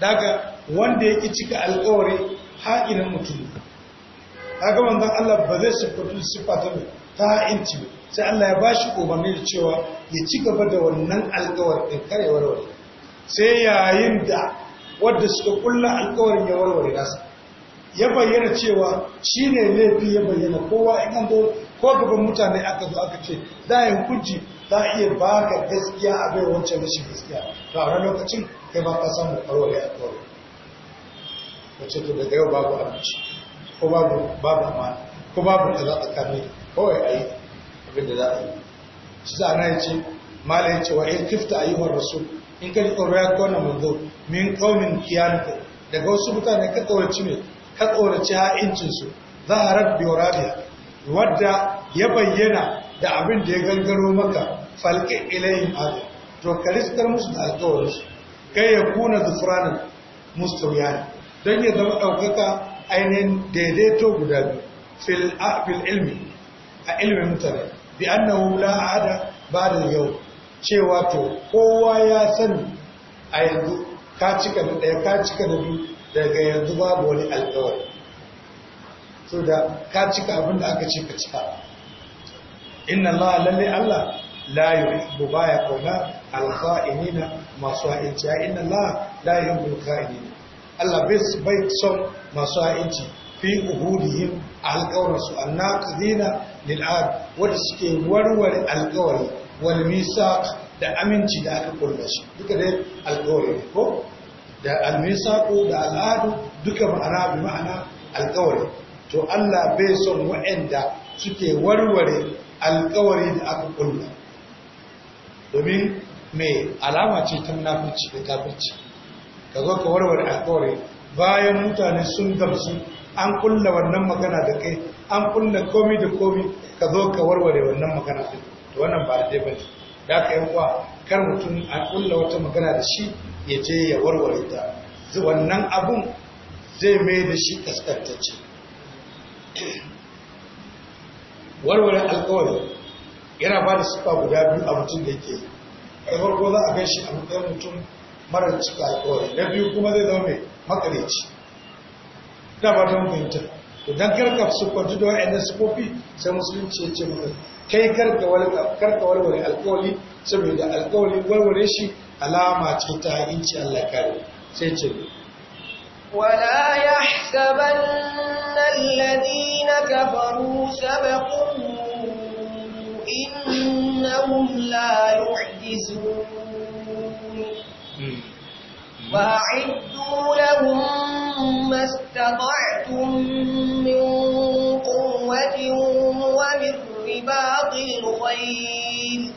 daga wanda ya ki cika alkawari ha'inin mutum kaga manzon Allah ba zai sifatu sifatu ta inci sai Allah ya bashi umarni da cewa ya ci gaba da wannan alƙawar din karewar warware sai yayin da wanda suka kulla alkawarin ya warware nasa ya bayyana cewa shi ne laifi ya bayyana kowa in an zo ko gaban mutane aka zo aka ce za a yi hukunci za a iya baka gaskiya a bai wancan rashin gaskiya to a lokacin kai ba ka samu warware alkawarin. wacce to daga yau babu abinci ko babu babu amana ko babu da za a kame kawai a yi abin da za a yi shi za a na yace mala yace wa in tifta ayyuhar rasul in ka ji tsoro ya kona manzo min qaumin kiyanta daga wasu mutane ka tsoraci ne ka tsoraci ha'incin su za a rabbi wa rabiya wadda ya bayyana da abin da ya gangaro maka falke ilayhim azab to ka riskar musu da alƙawarin kai ya kuna zufranin mustawiyani don ya zama ɗaukaka ainihin daidaito guda biyu fil ilmi a ilmin mutane bi annahu la ba ba'da yau cewa to kowa ya sani a yanzu ka cika da ɗaya ka cika da biyu daga yanzu babu wani alƙawari so da ka cika abin da aka ce ka cika inna Allah lalle Allah la yuhibbu baya kauna alkha'inina masu ha'inciya inna Allah la yuhibbu alkha'inina Allah bai son masu ha'inci fi uhudihim a alƙawarsu annaqidina lil'ad wanda suke warware alƙawari wal misaq da aminci da aka kulla shi duka dai alƙawari ko da al misaq da al'adu duka ma'ana bi ma'ana alƙawari to Allah bai son wa'anda suke warware alƙawari da aka kulla domin mai alama ce ta munafici da kafirci ka zo ka warware kore bayan mutane sun gamsu an kulla wannan magana da kai an kulla komi da komi ka zo ka warware wannan magana da to wannan ba da ne. da aka yi kuwa kar mutum an kulla wata magana da shi ya je ya warware ta wannan abun zai mai da shi kaskantacce warware alkawari yana ba da sufa guda biyu a mutum da ke da farko za a gan shi a matsayin mutum mara cika alkawari na biyu kuma zai zama mai makareci da ba don fahimta to don karka siffantu da wa'annan sukofi sai musulunci ya ce maka kai karka warware alkawari saboda alkawari warware shi alama ce ta inci Allah kare sai ce ولا يحسبن الذين كفروا سبقوا إنهم لا يعجزون وأعدوا لهم ما استطعتم من قوة ومن رباط الخيل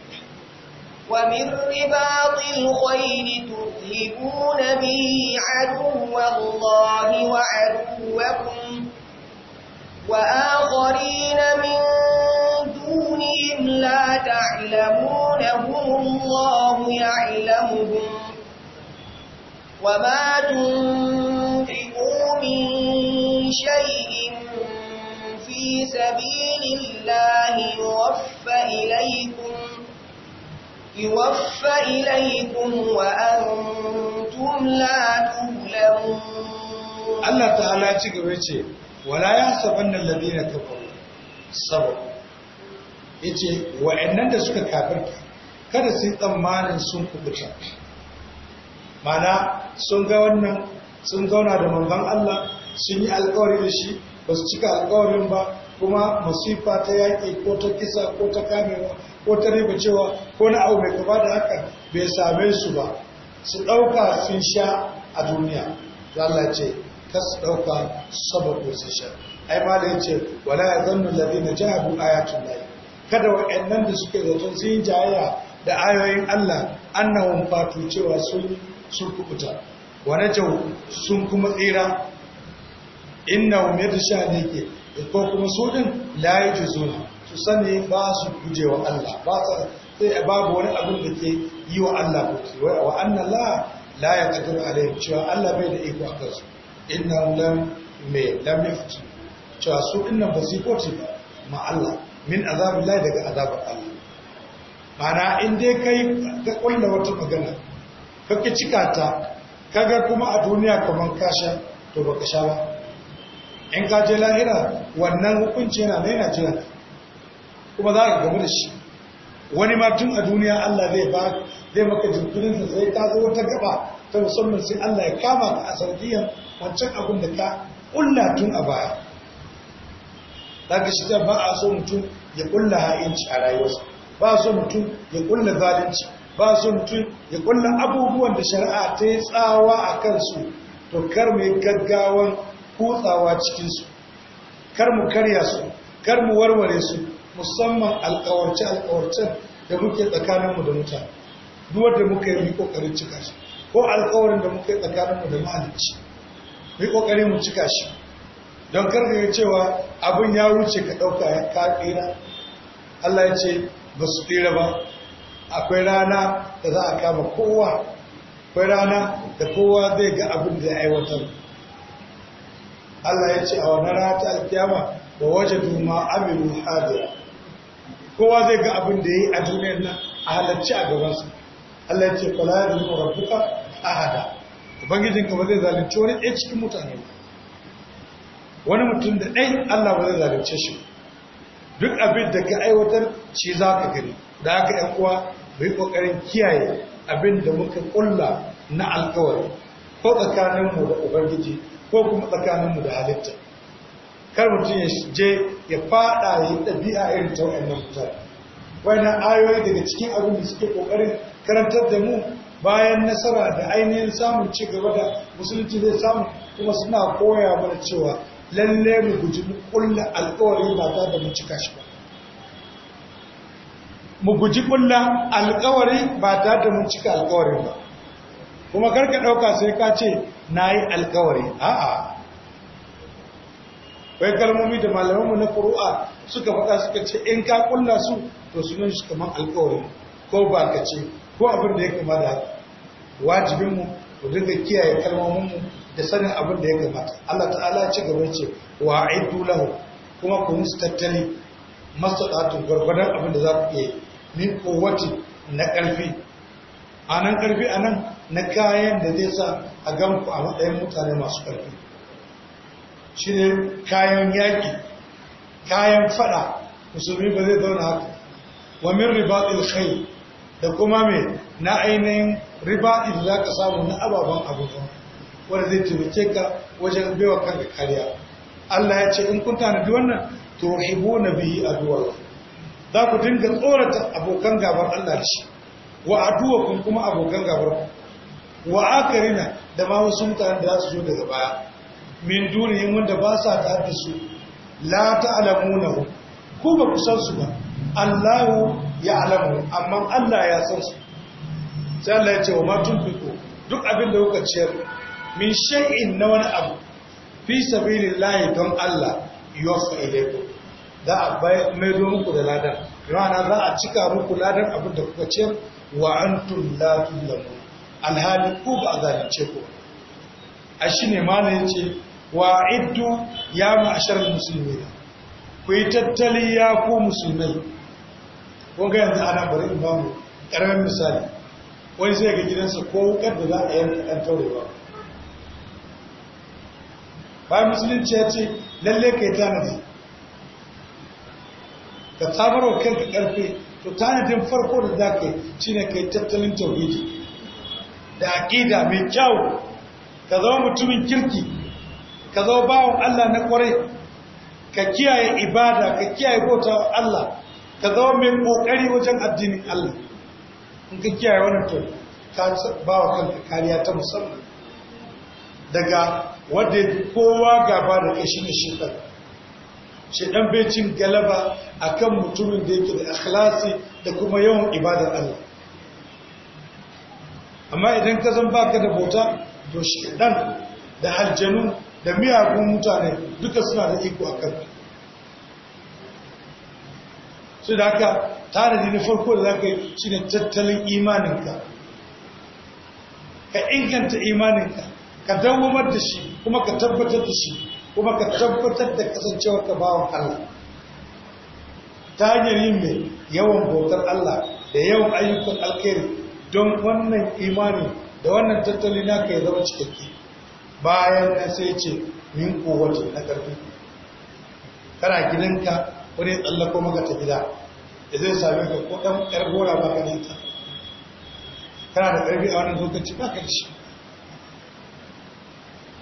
ومن رباط الخيل تُرْهِبُونَ به عدو الله وعدوكم وآخرين من دونهم لا تعلمونهم الله يعلمهم وما تنفقوا من شيء في سبيل الله يوفى إليكم, يوفى إليكم وأنتم لا تظلمون Allah ta ala ci gaba ce, Wala ya saban nan labina ta faru, ya ce, wa’annan da suka kafirka, kada su yi tsammanin sun kubuta. mana sun ga wannan sun zauna da manzon Allah sun yi alƙawari da shi ba su cika alƙawarin ba kuma masifa ta yaƙi ko ta kisa ko ta kamewa ko ta riba cewa ko na abu mai gaba da haka bai same su ba su ɗauka sun sha a duniya Allah ce ta su ɗauka saboda sun sha ai ma da yace wala ya zannu ladina jahabu ayatul lahi kada waɗannan da suke zaton sun jayaya da ayoyin Allah annahum fatu cewa sun sun kubuta wane jau sun kuma tsira inna ne ke. ko kuma su din ji zuwa su sani ba su gujewa Allah ba su sai babu wani abin da ke yi wa Allah kuke wa annan la la yaqdiru alayhi cewa Allah bai da iko a kansu inna lam me lam yaftu cewa su inna ba su ko ba ma Allah min azabillahi daga azabar Allah mana in dai kai ka kulla wata magana kake cika ta kaga kuma a duniya kamar kasha to baka sha ba in ka je lahira wannan hukunci yana na jira kuma za ka gamu da shi wani ma tun a duniya Allah zai ba zai maka jinkirin sa sai ka zo wata gaba ta musamman sai Allah ya kama ka a sarkiyar wancan abin da ka kulla tun a baya ka shi ba a so mutum ya kulla ha'inci a rayuwarsa ba a so mutum ya kulla zalunci ba su mutum ya kulla abubuwan da shari'a ta yi tsawa a kansu to kar mu yi gaggawan kutsawa cikinsu kar mu karya su kar mu warware su musamman alkawarce-alkawarcen da muke tsakaninmu da mutane duwar da muka yi kokarin cika shi ko alkawarin da muka yi tsakaninmu da mahalicci mu yi kokarin mu cika shi don karkaga cewa abin ya wuce ka ɗauka ya ka Allah ya ce ba su tsira ba akwai rana da za a kama kowa akwai rana da kowa zai ga abin da ya aiwatar Allah ya ce a wani rana ta alkiyama wa waje duma amiru hadira kowa zai ga abin da ya yi a duniyar nan a halarci a gabansa Allah ya ce kula da zuwa rabbuka ahada ubangijinka ba zai zalunci wani ɗaya cikin mutane ba wani mutum da ɗai Allah ba zai zalunce shi duk abin da ka aiwatar shi za ka gani da haka ‘yan uwa mu yi ƙoƙarin kiyaye abin da muka ƙulla na alkawari ko tsakaninmu da ubangiji ko kuma tsakaninmu da halitta kar mutum ya je ya fada yi ɗabi'a irin ta wa'annan mutane wannan ayoyi daga cikin abin da suke ƙoƙarin karantar da mu bayan nasara da ainihin samun ci gaba da musulunci zai samu kuma suna koya mana cewa lalle mu guji kulla ƙulla ba ta da mu cika shi ba mu guji kulla alkawari ba ta da mun cika alkawarin ba kuma karka ɗauka sai ka ce na yi alkawari a'a wai kalmomi da malamanmu na kuru'a suka faɗa suka ce in ka kulla su to su nan shi kamar alkawari ko ba ka ce ko abin da ya kama wajibinmu ku dinga kiyaye kalmominmu da sanin abin da ya kamata Allah ta'ala ci gaba ce wa'idu lahu kuma ku musu tattali masu gwargwadon abin da za ku iya yi. min kowace na ƙarfi a nan ƙarfi a nan na kayan da zai sa a ganku a matsayin mutane masu ƙarfi shi ne kayan yaƙi kayan faɗa musulmi ba zai zauna haka wa min ribaɗin da kuma mai na ainihin ribaɗin za ka samu na ababen abubuwan wanda zai taimake ka wajen baiwa kanka kariya Allah ya ce in kun tanadi wannan to hibu na biyi addu'a za ku dinga tsorata abokan gabar Allah ce wa aduwakum kuma abokan gabar wa akarina da ma wasu mutanen da za su zo daga baya min yin wanda ba sa ta da su la alamuna ku ba ku san su ba Allahu ya alamu amma Allah ya san su sai Allah ya ce wa ma fiko duk abin da kuka ciyar min shay'in na wani abu fi sabilillahi don Allah yuwaffa ilaykum za a mai maido muku da ladan rana za a cika muku ladar abin da kuka ce wa an tun la tuzlamun alhali ku ba a zalunce ku a shi ne ma na yace wa iddu ya shirin musulmi ku yi tattali ya ku musulmai kun ga yanzu ana bari in bamu karamin misali wani zai ga gidansa ko wukar da za a yanka ɗan taurewa Ba musulunci ya ce lalle ka yi tanadi ka samar wa kanka ƙarfe, to tanadin farko da za ka yi shine ka yi tattalin tauhidi da aƙida mai kyau ka zama mutumin kirki ka zama bawan Allah na kwarai ka kiyaye ibada ka kiyaye bauta Allah ka zama mai ƙoƙari wajen addinin Allah in ka kiyaye wannan to ka ba wa kanka kariya ta musamman daga wanda kowa gaba da kai ne shekaru shi dan cin galaba akan mutumin da yake da ikhlasi da kuma yawan ibadar Allah amma idan ka zan baka da bota to dan da aljanu da miyagun mutane duka suna da iko a kanka Sai da haka tanadi na farko da zaka yi shine tattalin imaninka ka inganta imaninka ka dawamar da shi kuma ka tabbatar da shi kuma ka tabbatar da kasancewar ka bawan Allah ta hanyar yin mai yawan bautar Allah da yawan ayyukan alkhairi don wannan imanin da wannan tattali ka ya zama cikakke bayan na sai ce min kowace na karfi kana gidanka wani tsallako maka ta gida da zai sami ka ko ɗan ƴar gora ba ka nita kana da ƙarfi a wannan lokaci ba ka da shi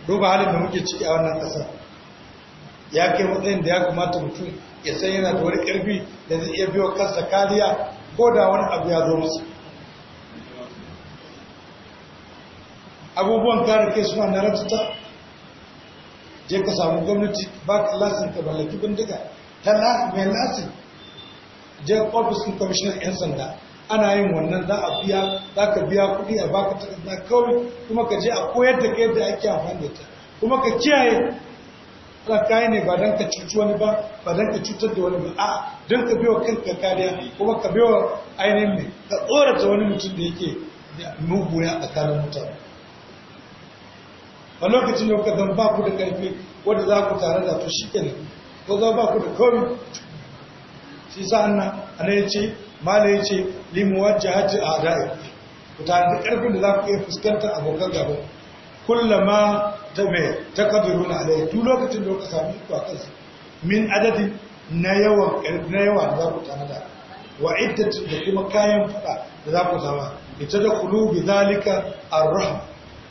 duba halin da muke ciki a wannan ƙasar ya kai matsayin da ya kamata mutum ya san yana da wani ƙarfi da zai iya biyo kansa kariya ko da wani abu ya zo musu abubuwan kare kai suna na rantuta je ka samu gwamnati ba ka lasin ka mallaki bindiga ta mai lasin je ofisin kwamishinan 'yan sanda ana yin wannan za a biya za ka biya kuɗi a baka takarda kawai kuma ka je a koyar da ka yadda ake amfani da ta kuma ka kiyaye Allah kayi ne ba don ka cuci wani ba ba don ka cutar da wani ba a don ka biyo kanka kariya kuma ka biyo ainihin mai ka tsorata wani mutum da yake da muguya a tsakanin mutane a lokacin da kuka zan ba ku da karfi wanda za ku tare da to shi ne, ko za ba ku da kawai. shi sa annan ana ya ce mala ya ce limuwar jihajji a da'i ku tare da karfin da za ku iya fuskantar abokan gaba kullama ta mai takabirun alayhi duk lokacin da kuka sami ku a kansu min adadi na yawan na yawa da za ku tanada wa iddatin da kuma kayan fada da za ku zama ita da kulu bi zalika arrahma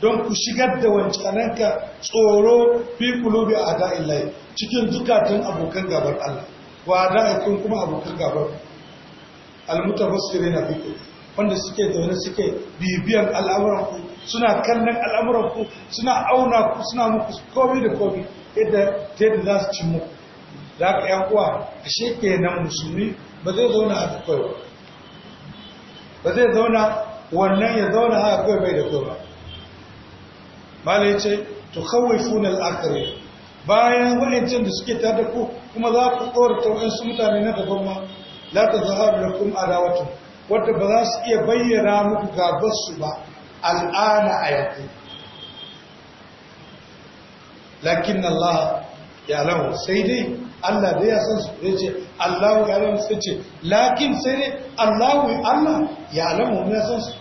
don ku shigar da wancananka tsoro fi kulubi a da'in illahi. cikin zukatan abokan gabar Allah wa da'akun kuma abokan gabar almutafassirin na fiko wanda suke da wani suke bibiyan al'amuran suna kallon al'amuran ku suna auna ku suna muku komi da komi yadda ta yadda za su ci muku da aka yan a ashe kenan musulmi ba zai zauna haka kawai ba ba zai zauna wannan ya zauna a kawai bai da kawai ba malai ce to kawai funan al'akari bayan wa'ancin da suke tare da ku kuma za ku tsorata wa'ansu mutane na daban ma la ta zahar da kuma adawatu wadda ba za su iya bayyana muku gabarsu ba al'ana a yanku lakin Allah ya lahu sai dai Allah da ya san su ya ce Allahu ya lahu sai ce lakin sai dai Allah ya lahu san su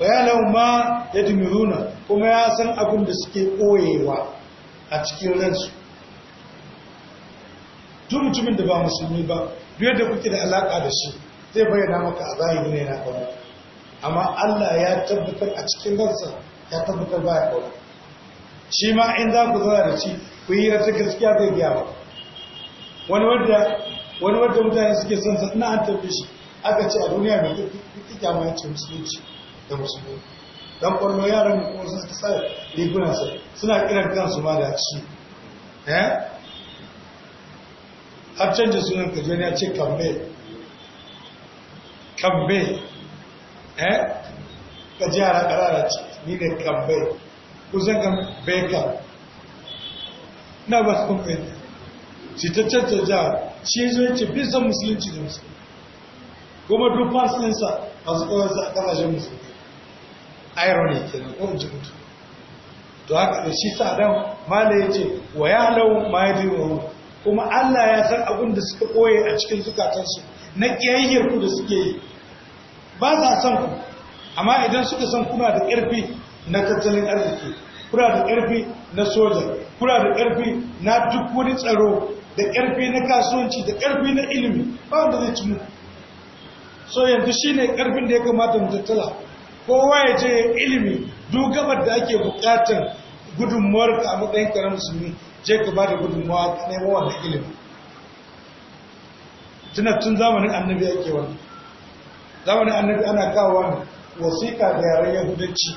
wa ya lahu ma ya dimiruna kuma ya san abin da suke koyewa a cikin ransu duk mutumin da ba musulmi ba biyar da kuke da alaka da shi zai bayyana maka a zahiri ne na kawai amma Allah ya tabbatar a cikin ransa ya tabbatar baya kawai shi ma in za ku zauna da shi ku yi rata gaskiya zai biya ba wani wadda wani wadda mutane suke son sa ina an tabbi shi aka ce a duniya mai kika ma yace musulunci da musulmi dan kwallo yaran mu kuma sun sa riguna sa suna kiran kansu ma da shi eh har canja sunan ka ya ce kambe kambe eh ka ji yara ƙarara ce ni da kambai kusan kan beka na ba su kumfai shi ta cancanta shi zo ce bisa musulunci da musulunci kuma duk fasinsa masu kawarsa a ƙasashen musulunci irony kenan ko in ji mutu to haka da shi sa dan mala ya ce wa ya halau ma ya dimu kuma Allah ya san abin da suka koye a cikin zukatansu na kiyayyar ku da suke yi ba sa son ku amma idan suka san kuna da ƙarfi na tattalin arziki kuna da ƙarfi na soja kuna da ƙarfi na duk wani tsaro da ƙarfi na kasuwanci da ƙarfi na ilimi ba wanda zai ci mu so yanzu shine ƙarfin da ya kamata mu tattala kowa ya je ilimi duk gabar da ake buƙatar gudunmuwar ka a matsayin na musulmi je ka ba da gudunmuwa ta neman wannan ilimi tun zamanin annabi ake wannan zamanin annabi ana kawo wasiƙa da yaren yahudanci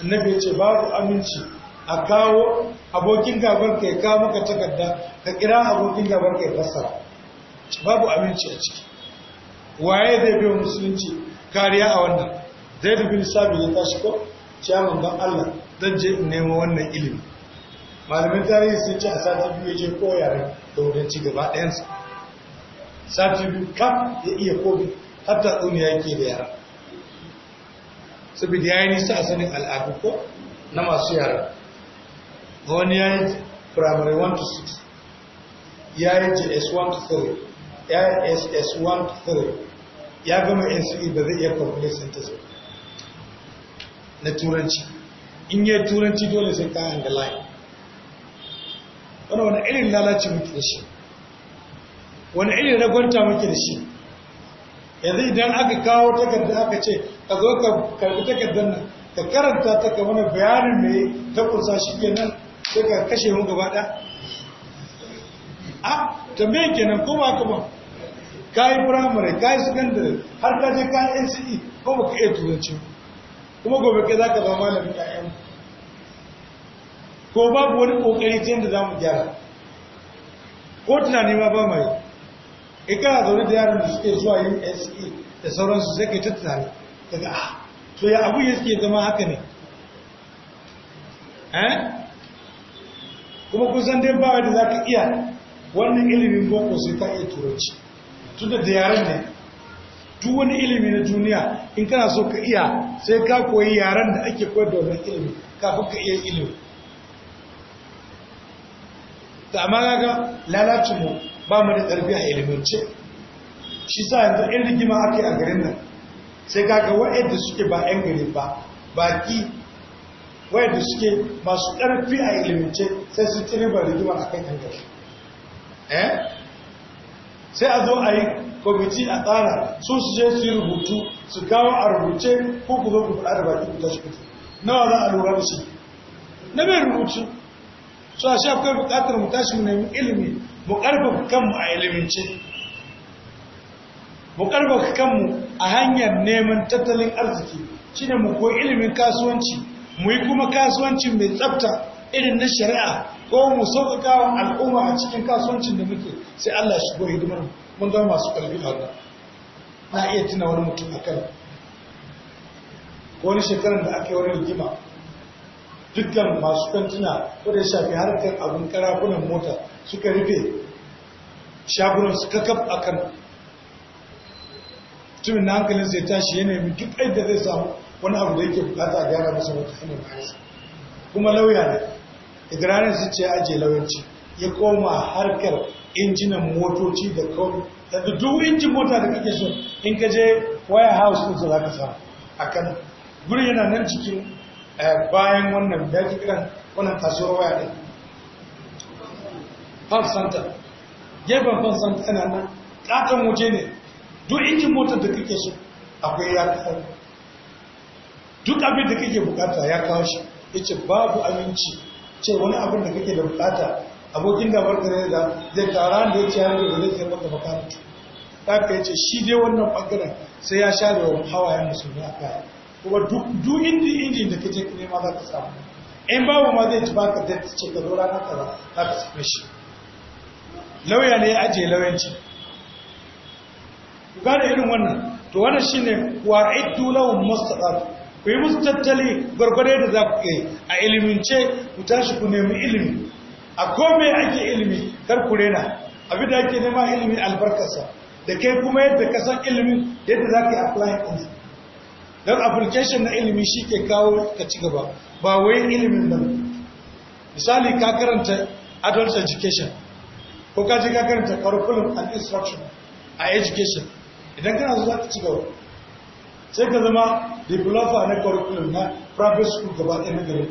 annabi ce babu aminci a kawo abokin gabar ka ya kawo maka takarda ka kira abokin gabar ka ya fassara babu aminci a ciki waye zai biyo musulunci kariya a wannan zai da bin sabi ya tashi ko ciyaman don allah don je in nemo wannan ilimi malamin tarihi sun ce a sati biyu ya je koyare da wurin ci gaba ɗayansa sati biyu kaf ya iya kobi hatta duniya yake da yara saboda ya yi nisa a al'adu ko na masu yara a wani ya yi primary 1 to 6 ya yi js 1 to 3 ya yi ss 1 to 3 ya gama nce ba zai iya complete sentence na turanci in yi turanci dole sai ka underline wani wani irin lalaci muke da shi wani irin ragwanta muke da shi yanzu idan aka kawo takarda aka ce ka zo ka karbi takardar nan ka karanta ta ka mana bayanin da ta kursa shi nan sai ka kashe mu gaba ɗaya a ah, tambaye kenan ko ba ka ba ka yi firamare ka yi sakandare har ka je ka yi nce ko ba ka iya turanci kuma gobe kai za ka zama malamin ƴaƴan ko babu wani ƙoƙari ta yadda za mu gyara ko tunani ma ba mai in kana zaune da yaran da suke zuwa yin SE da sauransu sai kai tattare daga ah to ya abu ya suke zama haka ne eh? kuma kusan dai ba da za ka iya wannan ilimin boko sai ka iya turanci tunda da yaren ne duk wani ilimi na duniya in kana so ka iya sai ka koyi yaren da ake koyar da wannan ilimi kafin ka iya ilimi da amma ga lalacin mu ba mu da tarbiyya a ilimince shi sa yanzu in rigima ake a garin nan sai kaga wa'yanda suke ba 'yan gari ba baki wa'yanda suke masu ƙarfi a ilimince sai su ci riba rigima a kai kankan eh sai a zo a yi kwamiti a tsara su su je su yi rubutu su kawo a rubuce ko ku zo ku faɗa da baki ku tashi kuta nawa za a lura da shi na mai rubutu su a sha akwai buƙatar mu tashi mu nemi ilimi mu ƙarfafa kanmu a ilimce mu ƙarfafa kanmu a hanyar neman tattalin arziki shi ne mu koyi ilimin kasuwanci mu yi kuma kasuwanci mai tsafta irin na shari'a ko mu sauƙaƙa wa al'umma a cikin kasuwancin da muke sai Allah ya hidima hidimar mun zama masu ƙarfi haka na iya tuna wani mutum a kan wani shekarar da aka yi wani rigima dukkan masu kantuna ko da shafi harkar abin karafunan mota suka rufe shagunan su kakaf a kan mutumin na hankalin sai tashi yana yi duk da zai samu wani abu da yake bukata a gyara masa wata hanyar bayansa kuma lauya ne igiranin su ce ajiye lauyanci ya koma harkar injinan motoci da kawai da duk injin mota da kake so in ka je waya house ɗinsa za ka samu a kan gurin yana nan cikin eh, bayan wannan daji kiran wannan kasuwar waya ɗin park Santa, gefen park Santa tana nan katon waje ne duk injin motar da kake so akwai ya kawo duk abin da kake bukata ya kawo shi ya ce babu aminci ce wani abin da kake da bukata abokin da barka ne da zai tara da ya ce hannu da zai taimaka makaranta haka ya ce shi dai wannan bangaren sai ya sha da wani hawayen musulmi a kaya kuma duk duk injin da kake nema za ka samu in babu ma zai ci baka da ce ka zo rana kaza za ka same shi lauya ne ya ajiye lauyanci ku gane irin wannan to wannan shine wa iddu lahum mustaqat ku yi musu tattali gwargwado da za ku yi a ilimince ku tashi ku nemi ilimi a kome ake ilimi kar ku rena abin da ake nema ilimi albarkarsa da kai kuma yadda kasan san ilimin yadda za ka yi in su don application na ilimi shi ke kawo ka ci gaba ba wai ilimin nan misali ka karanta adult education ko ka je ka karanta curriculum and instruction a education idan kana zuwa ka ci gaba sai ka zama developer na curriculum na private school gaba ɗaya na gari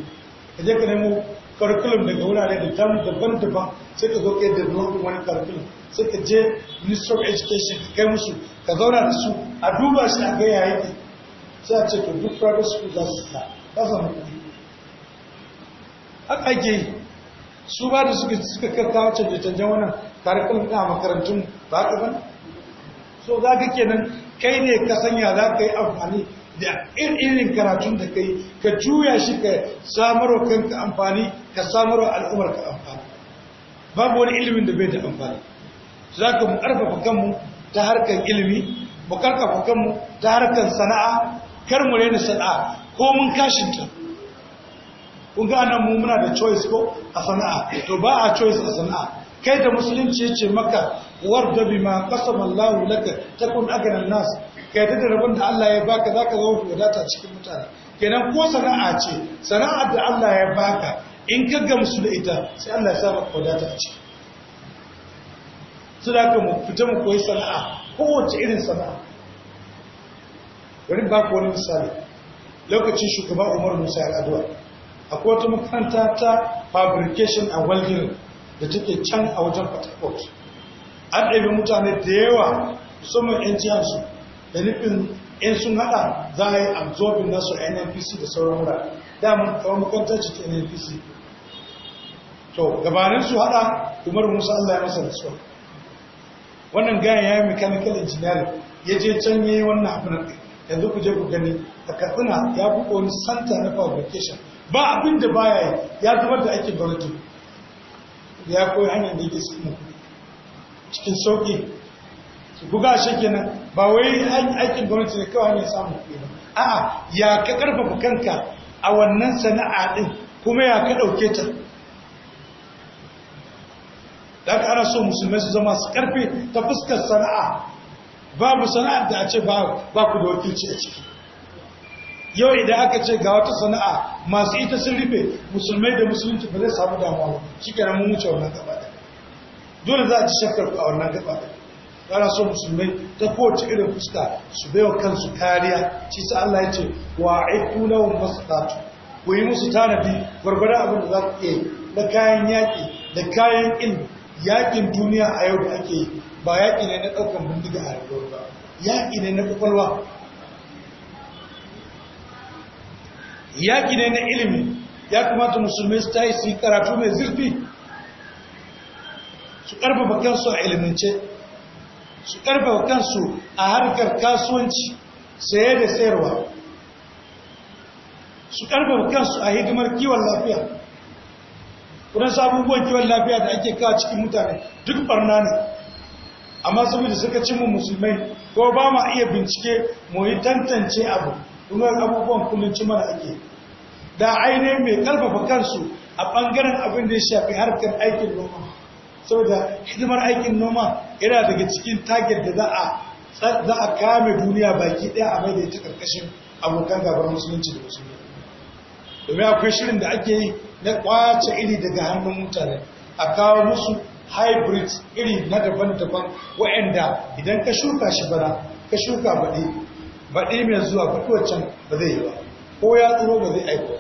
ka je ka nemo curriculum daga wurare da tamu daban-daban sai ka zo ka yadda developing wani curriculum sai ka je minister of education ka kai musu ka zauna da su a duba shi a gaya yake sai a ce to duk private school za su sa ba su mutu haka ake yi su ba da suka suka wacce da canjan wannan tarikun a makarantun ba ka ban so za ka kenan kai ne ka sanya za ka yi amfani da irin karatun da kai ka juya shi ka samarwa kanka amfani ka samarwa al'ummar ka amfani babu wani ilimin da bai da amfani za ka mu karfafa kanmu ta harkar ilimi mu kanmu ta harkar sana'a kar mu rena sana'a ko mun kashinta kun ga nan mu muna da choice ko a sana'a to ba a choice a sana'a kai da musulunci yace maka warda bima qasama Allah laka takun aganan nas kai da rabon da Allah ya baka zaka zama wadata cikin mutane kenan ko sana'a ce sana'ar da Allah ya baka in ka gamsu da ita sai Allah ya sa maka wadata a ciki su da mu fita mu koyi sana'a kowace irin sana'a bari ba ku wani misali lokacin shugaba Umar Musa al-Adwa akwai wata makaranta ta fabrication and welding da take can a wajen patakot an ɗabi mutane da yawa musamman 'yan jiyansu da nufin 'yan sun haɗa za a yi absorbin nasu a nnpc da sauran wura damar kawo makaranta ce ta nnpc to gabanin su haɗa umar musa allah ya masa da su wannan gaya ya yi mechanical engineering ya je can yi wannan abin yanzu ku je ku gani a katsina ya buɗe wani santa na fabrication ba abin da baya ya zubar da ake baratu ya koyi hanyar da yake samu cikin sauƙi su buga shi kenan ba wai aikin gwamnati ne kawai hanyar samun kuɗi ba a'a ya ka ƙarfafa kanka a wannan sana'a ɗin kuma ya ka ɗauke ta da ka ana so musulmai su zama su ƙarfe ta fuskar sana'a babu sana'ar da a ce ba ku da wakilci a ciki yau idan aka ce ga wata sana'a masu ita sun rufe musulmai da musulunci ba zai samu damuwa shi kenan mun wuce wannan gaba da dole za a ci shakkar a wannan gaba da ana so musulmai ta kowace irin fuska su baiwa kansu kariya ci sa Allah ya ce wa aiku masu tatu ku yi musu tanadi gwargwada abin da za ku iya na kayan yaƙi da kayan in yaƙin duniya a yau da ake yi ba yaƙi ne na ɗaukar bindiga a rayuwar ba yaƙi ne na kwakwalwa yaki ne na ilimi ya kamata musulmi su ta yi su yi karatu mai zurfi su ƙarfafa kansu a ilimance su ƙarfafa kansu a harkar kasuwanci saye da sayarwa su ƙarfafa kansu a hidimar kiwon lafiya kudin sabon kiwon lafiya da ake kawo cikin mutane duk barna ne amma saboda suka cimu musulmai ko ba ma iya bincike mu yi tantance abu domin abubuwan kullum ci da ake da aine mai karfafa kansu a bangaren abin da ya shafi harkar aikin noma saboda hidimar aikin noma yana daga cikin target da za a kame duniya baki ɗaya a mai da ita ƙarƙashin abokan gabar musulunci da musulunci domin akwai shirin da ake yi na kwace iri daga hannun mutane a kawo musu hybrid iri na daban-daban wa'anda idan ka shuka shi bana ka shuka baɗi baɗi mai zuwa fitowar can ba zai yi ba ko ya tsoro ba zai aiko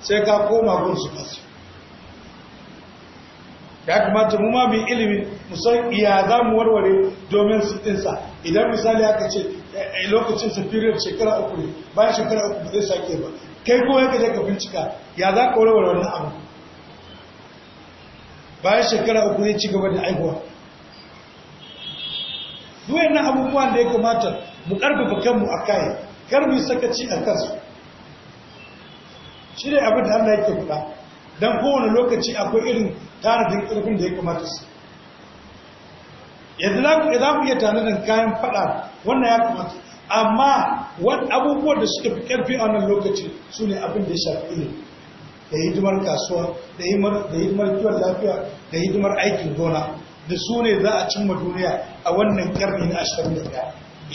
sai ka koma gun su fasu ya kamata mu ma ilimi musan iya za mu warware domin su ɗinsa idan misali aka ce eh, lokacin su firiyar shekara uku ne bayan shekara uku ba zai sake ba kai ko yake ka bincika ya za ka warware wannan abu bayan shekara uku zai ci gaba da aikwa? na abubuwan da ya kamata mu ƙarfafa kanmu a kayi karfi sakaci a kansu shi ne abin da Allah yake faɗa don kowane lokaci akwai irin tanadin ƙarfin da ya kamata su yadda za ku iya da kayan faɗa wannan ya kamata amma abubuwan da suka fi ƙarfi a wannan lokaci su ne abin da ya shafi ilimi da hidimar kasuwa da hidimar kiwon lafiya da hidimar aikin gona da su ne za a cimma duniya a wannan karni na ashirin da ɗaya.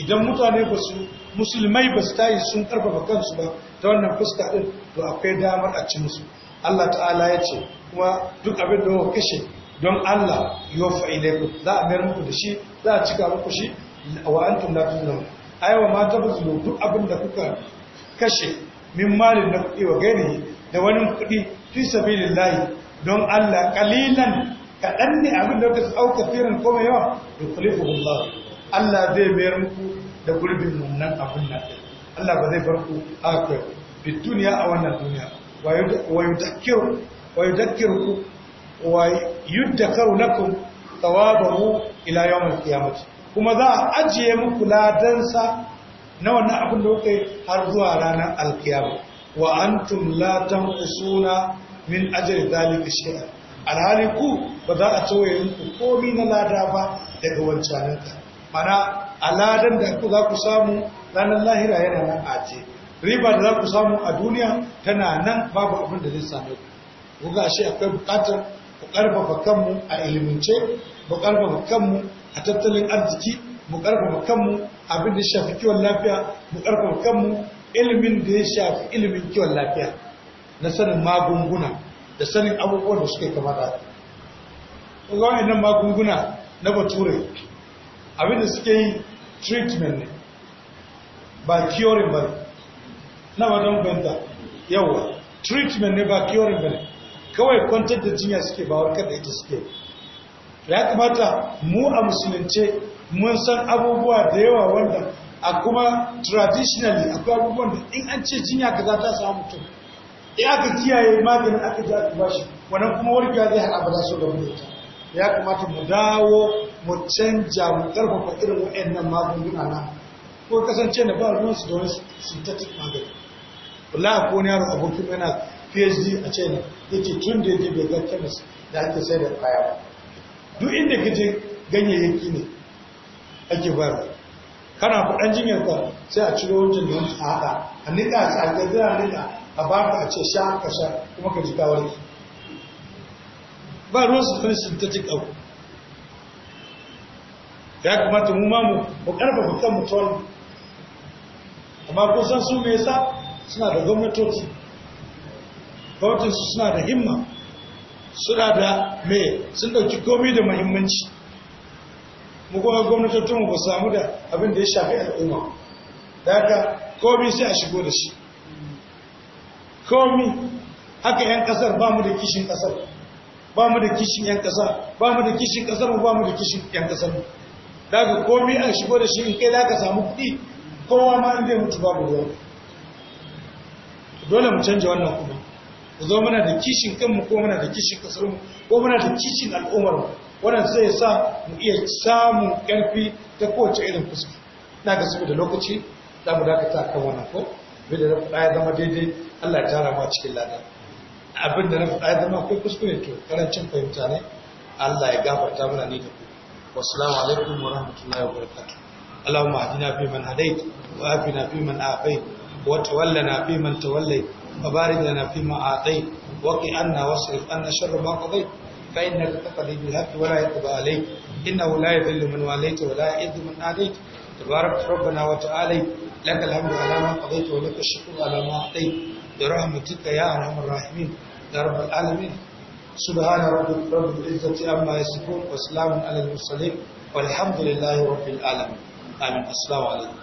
idan mutane ba su musulmai ba su tayi sun karfafa kansu ba ta wannan fuska ɗin to akwai damar a ci musu Allah ta'ala ya ce kuma duk abin da wa kashe don Allah yuwaffa ilaikum za a mayar muku da shi za a cika muku shi a wa'antun antum la tuzlamun aiwa ma tabzulu duk abin da kuka kashe min malin da kuɗi wa gani da wani kuɗi fi sabilillahi don Allah kalilan kaɗan ne abin da kasu auka firin kome yawa da kulifu Allah Allah zai mayar muku da gurbin nan abin nan Allah ba zai farko. ku haka fi duniya a wannan duniya wa yudakkiru wa yudakkiru wa yudakkaru lakum thawabahu ila yawmil qiyamah kuma za a ajiye muku ladansa na wannan abin da kuka har zuwa ranar alkiyama wa antum la tanqusuna min ajri dhalika shay'an alhali ku ba za a tsoye muku komi na lada ba daga wancananta, mana a ladan da ku za ku samu ranar lahira yana nan aje riba da za ku samu a duniya tana nan babu abin da zai same ku ku ga shi akwai bukatar ku karfafa kanmu a ilimince mu karfafa kanmu a tattalin arziki mu karfafa kanmu abin da shafi kiwon lafiya mu karfafa kanmu ilimin da ya shafi ilimin kiwon lafiya na sanin magunguna da sanin abubuwan da suke kama da ga waɗannan magunguna na bature abinda suke yi treatment ne ba curing ba na don banta yawa treatment ne ba curing ba ne kawai kwantar da jinya suke ba warkar da ita suke ya kamata mu a musulunce mun san abubuwa da yawa wanda a kuma traditionally akwai abubuwan da in an ce jinya ka za ta samu mutum Ya aka kiyaye maganin aka ji aka bashi wannan kuma warkewa zai haɗa ba za su da da ita ya kamata mu dawo mu canja mu karfafa irin nan magunguna na ko kasance da ba ruwan su da synthetic magani wallahi ko ne yaro abokin yana PhD a China yake tun da yake bai ga chemist da ake sai da kaya ba duk inda kaje ganyayyaki ne ake ba, kana faɗan jinyar ka sai a ciro wajen da wani a haɗa a niƙa a tsakazzira niƙa a baka a ce sha ka sha kuma ka jika wani. ba ruwan su wani synthetic abu ya kamata mu ma mu mu karfafa kanmu amma kusan san su mai yasa suna da gwamnatoci su suna da himma suna da mai sun dauki komi da muhimmanci mu kuma mu ba samu da abin da ya shafi al'umma da haka komi sai a shigo da shi komi haka 'yan kasar ba mu da kishin kasar ba mu da kishin 'yan kasa ba mu da kishin kasar ba mu da kishin 'yan kasar daga komi an shigo da shi in kai za samu kuɗi kowa ma in zai mutu babu ruwa dole mu canja wannan kuma ku zo muna da kishin kanmu ko muna da kishin mu ko muna da kishin al'ummarmu wannan zai sa mu iya samun karfi ta kowace irin fuska daga ga saboda lokaci za mu dakata kan wannan ko bai da ɗaya zama daidai Allah ya tara ma cikin ladan abin da na faɗa da ma kai kuskure to karancin fahimta ne Allah ya gafarta mana ni da اللهم اهدنا فيمن هديت وآفنا فيمن آفيت وتولنا فيمن توليت وبارك لنا فيما أعطيت وقي عنا واصرف عنا شر ما قضيت فإنك تقضي بالحق ولا يقضى عليك إنه لا يذل من واليت ولا يعز من عليك تبارك ربنا وتعالى لك الحمد على ما قضيت ولك الشكر على ما أعطيت برحمتك يا أرحم الراحمين يا رب العالمين سبحان ربك رب العزة عما يصفون وسلام على المرسلين والحمد لله رب العالمين آمين السلام عليكم